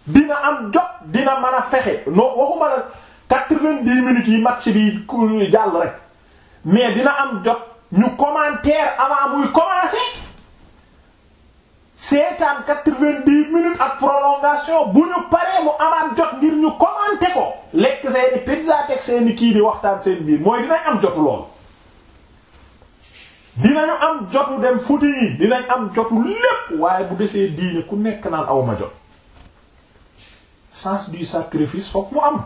dina am dina mën a fexe non waxuma la quatre-vingt-dix minutes yi match bi jàll rek mais dina am jot ñu commentaire avant muy commencer seetaan quatre-vingt-dix minutes ak prolongation bu ñu paree mu amaat jot ngir ñu commenter ko lekk seeni pizza teg seeni kii di waxtaan seen biir mooy dinañ am jotu lool dinañu am jotu dem futi yi dinañ am jotu lépp waaye bu desee diine ku nekk naan awma jot sens du sacrifice fokk mu am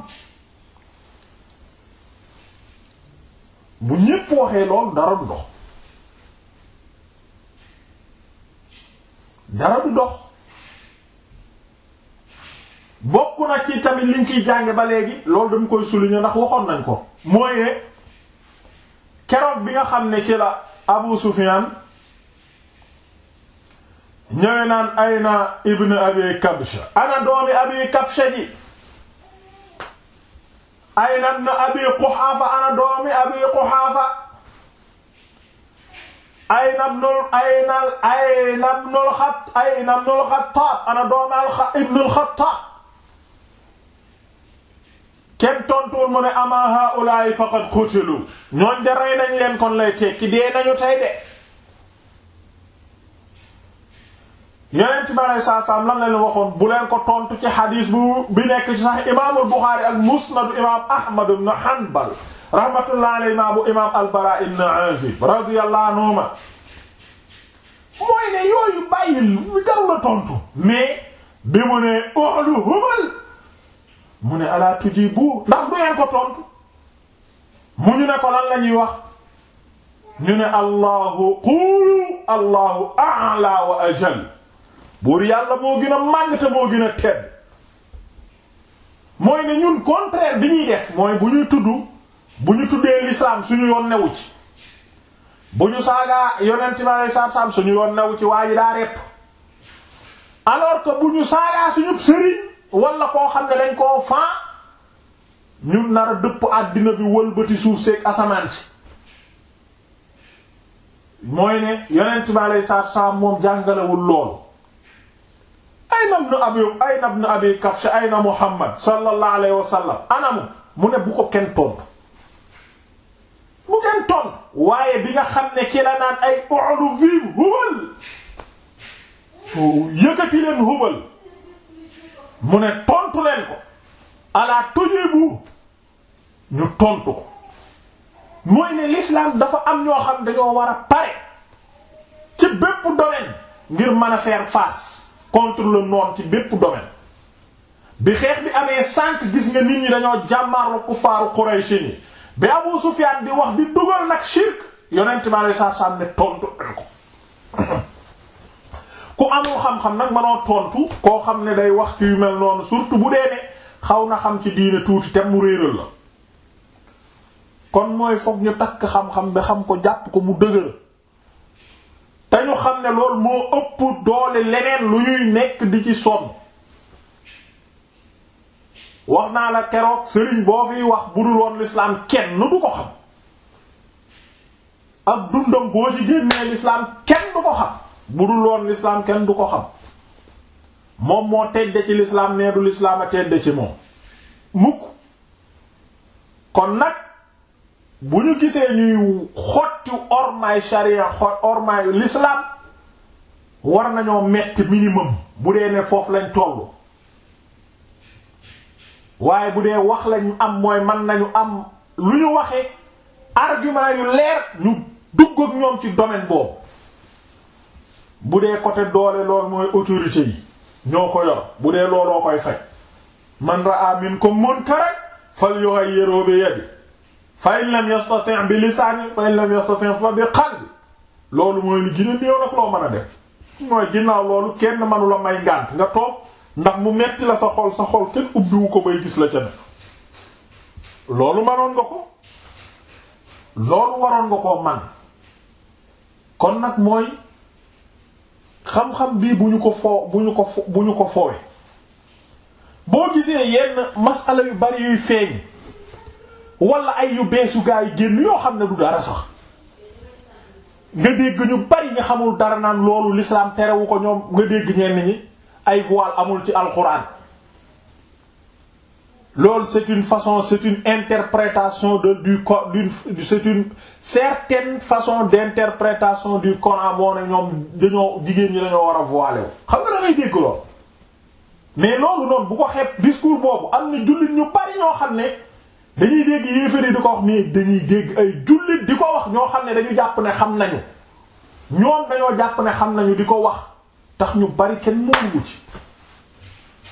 bu ñépp waxee lool dara du dox dara du dox bokk na ci tamit liñ ciy jànge ba léegi loolu dama koy souligner ndax waxoon nañ ko mooy ne keroog bi nga xam ne ci la Abu Sufyan ñëwee naan ayna ibn Abi Kabsha ana doomi Abi Kabsha ji ayna ibn abi quhaafa ana doomi abi quhaafa ayna ibn ana doomi ibn kenn tontuwul mu ne ama haa'ulaa'i faqad qutilu ñooñ de rey nañ leen kon lay tekki dee nañu tey de yeneen ci bari saa saam lan la leen waxoon bu leen ko tontu ci xadiis bu bi nekk ci sax imaamul Buxaari ak musnadu imaam Ahmad ibn Hanbal rahmatullah alayhi ma bu imaam al-Baraa ibn Aazib radiyallahu anhuma mooy ne yooyu bàyyil jarul a tontu mais bi mu ne olu humal mu ne alaa tujibu ndax du ngeen ko tontu mu ñu ne ko lan la ñuy wax ñu ne allahu qulu allahu a'la wa ajal buur yàlla boo gën a màgg te moo gën a tedd mooy ne ñun contraire bi ñuy def mooy bu ñuy tudd bu ñu tuddee l'islam suñu yoon newu ci bu ñu saagaa yonent bi alei satu suñu yoon ci waa ji daa repp bu ñu saagaa suñu sëriñ wala koo xam ne dañ koo fan ñun nar a dëpp àddina bi wëlbati suuf seeg asamaan si mooy ne yonent bi alei saa salaam moom jàngalewul lool ayna ibn abi ayna ibn abi kabsha ayna muhammad sallallahu alayhi wa anamu mu ne bu ko kenn tontu bu kenn tontu waaye bi nga xam ne ci la naan ay oxlu vive hubal yëkkati leen hubal mu ne tontu leen ko ala tujibu ñu tontu ko mooy ne l'islam dafa am ñoo xam dañoo war a pare ci bépp domaine ngir mën a faire face contre le noon ci bépp domaine bi xeex bi amee sànq gis nga nit ñi dañoo jàmmaarlu kuffaaru Quraysh ni bi Abu Sufyaan di wax di dugal nag shirk yonent bi alei satu salaam ne tontu an ko ku amul xam-xam nag mënoo tontu koo xam ne day wax ci yu mel noonu surtout bu dee ne xaw na xam ci diine tuuti te mu réeral la kon mooy foog ñu takk xam-xam bi xam ko jàpp ko mu dëgër te ñu xam ne loolu moo ëpp doole leneen lu ñuy nekk di ci sonn wax naa la keroog sëriñ boo fiy wax budul woon l'islam kenn du ko xam ak dundam boo ci génnee l'islam kenn du ko xam budul woon l'islam kenn du ko xam moom moo tedde ci l'islam nee du l'islam a tedde ci moom mukk kon nag bu ñu gisee ñuy xotti ormaay sharia ormaayu lislaam war nañoo metti minimum bu dee ne foofu lañ tollu waaye bu dee wax lañu am mooy mën nañu am lu ñu waxee argument yu leer ñu dugg ak ñoom ci domaine boobu bu dee côté doole lool mooy autorité yi ñoo ko yor bu dee looloo koy faj man ra'a minkum munkaran falyughayyirhu bi yadihi fa in lam yastati' bi lisaani fa in lam yastati' fa bi qalbi loolu mooy li gën a néew nag loo mën a def mooy ginnaaw loolu kenn mënu la may ngànt nga toog ndax mu metti la sa xol sa xol kenn ubbiwu ko bay gis la ca nag loolu manoon nga ko loolu waroon nga ko man kon nag mooy xam-xam bii bu ñu ko foo bu ñu ko fo boo gisee yenn masala yu bari yuy feeñ wala ay yu beesu gaa yi génn yoo xam ne du dara sax nga dégg ñu bari ñu xamul dara naan loolu l'islam terewu ko ñoom nga dégg ñenn ñi ay voile amul ci alxuraan loolu c'est une façon c'est une interprétation de du co d'une façon d'interprétation du Coran boo ne ñoom dañoo jigéen ñi dañoo war a voilé xam nga da dégg lool mais loolu noonu bu ko xeeb discours boobu am na jullit ñu bari ñoo xam ne. dañuy dégg yéefari di ko wax mais dañuy dégg ay jullit di ko wax ñoo xam ne dañu jàpp ne xam nañu ñoom dañoo jàpp ne xam nañu di ko wax tax ñu bari kenn mooruwu ci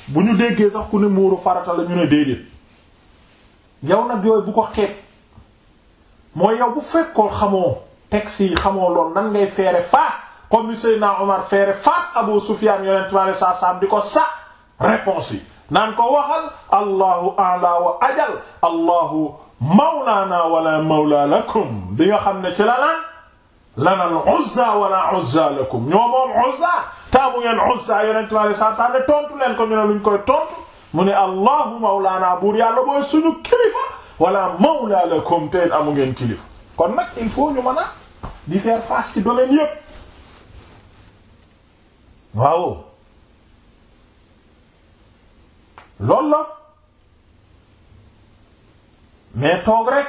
bu ñu déggee sax ku ne muuru farata la ñu ne dégg yow nag yooyu bu ko xeeb mooy yow bu fekkoon xamoo texte yi xamoo lool nan ngay feere face comme ni Seydina Omar feere face Abu Sufyan yonent bi sallallahu alayhi wasallam di ko sa réponse yi naan ko waxal allahu a'la wa ajal wala mawla lakum bi nga xam ne ci la naan lana al uzza wala uzza lakum ñoo moom uzza taamu ngeen uzza yonent mi alei sat selaam ne leen ko ñu ne luñ koy tontu mu ne allahu mawlaana buur yàlla booy suñu kilifa wala mawla lakum tey amu ngeen kilifa kon nag il faut ñu mën di faire face ci domaine yépp waaw loolu na mais toog rek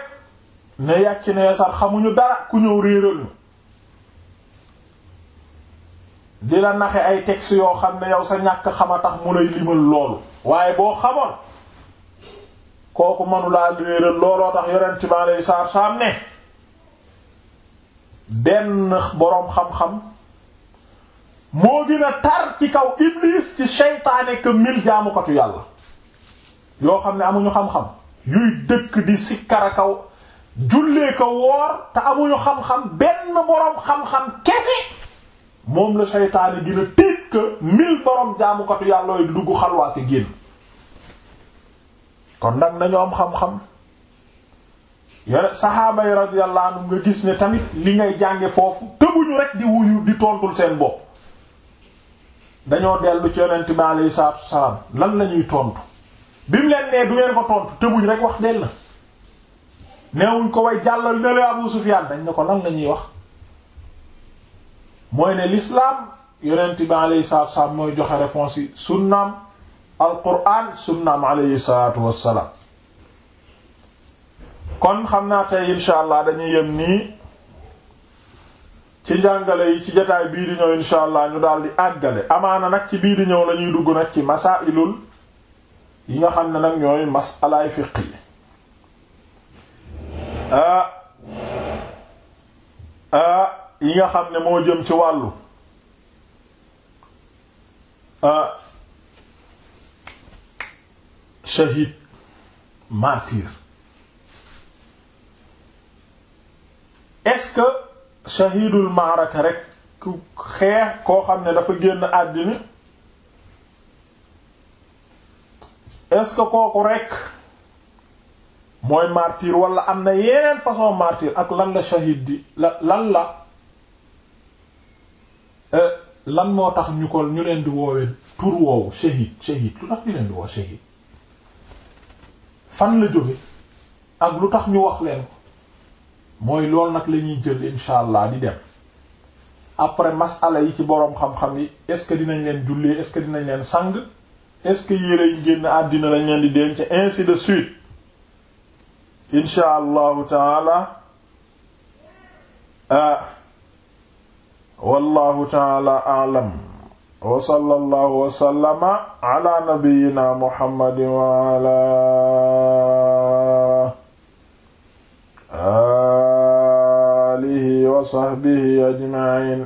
ne yàcc ne yasar xamuñu dara ku ñëw réeral ñu di la naxe ay textes yoo xam ne yow sa ñàkk xam a tax mu lay limal loolu waaye boo xamoon kooku manulaa réeral looloo tax yonent bi aleyhi salaatu salaam ne benn boroom xam-xam moo gën a tar ci kaw iblis ci seytaane que mil jaamukatu yàlla yoo xam ne amuñu xam-xam yuy dëkk di sikkara kaw jullee ko woor te amuñu xam-xam benn boroom xam-xam kese moom la seytaane gën a tiit boroom jaamukatu yàlla dugg xalwaate génn kon nag nañu am xam-xam yore saxaaba yi radiyallahu nga gis ne tamit li ngay jànge foofu tëbuñu rek di wuyu di tontul seen bopp dañoo dellu ci yonent bi alayhi salaatu salaam lan lañuy tontu bi mu leen nee du ngeen fa tontu tëbuñ rek wax del na neewuñ ko way jàllal ne la Abu Sufyaan dañ ne ko lan la ñuy wax mooy ne l'islam yonent bi alayhi salaatu wasalaam mooy joxe réponse yi sunnaam alquran sunnaam alayhi salaatu wassalaam kon xam naa tey insha allah dañuy yem nii ci njàngale yi ci jotaay bii di ñëw insha allah ñu daal di àggale amaana nag ci bii di ñëw lañuy dugg nag ci masailul yi nga xam ne nag ñooy masalaay fiq yi ah ah yi nga xam ne moo jëm ci wàllu ah shahid martyr est-ce que shahidul maaraka rek ku xeex koo xam ne dafa génn àddina est-ce que kooku rek mooy martyr wala am na yeneen façon martyr ak lan la shahid di la lan la euh, lan moo tax ñu ko ñu leen di woowee tur woowu shahid shahid lu tax ñu leen di woow shahid fan la jóge ak lu tax ñu wax leen ko mooy loolu nag la ñuy jël insha allah di dem après masala yi ci boroom xam-xam yi est-ce que dinañ leen jullee est-ce que dinañ leen sang est-ce que yére yi génn àddina lañ leen di denc de suite insha allahu taala ah wallahu taala alam wa sallallahu wa sallama ala nabiyyina muhammadin wa ala alihi wa ajma'in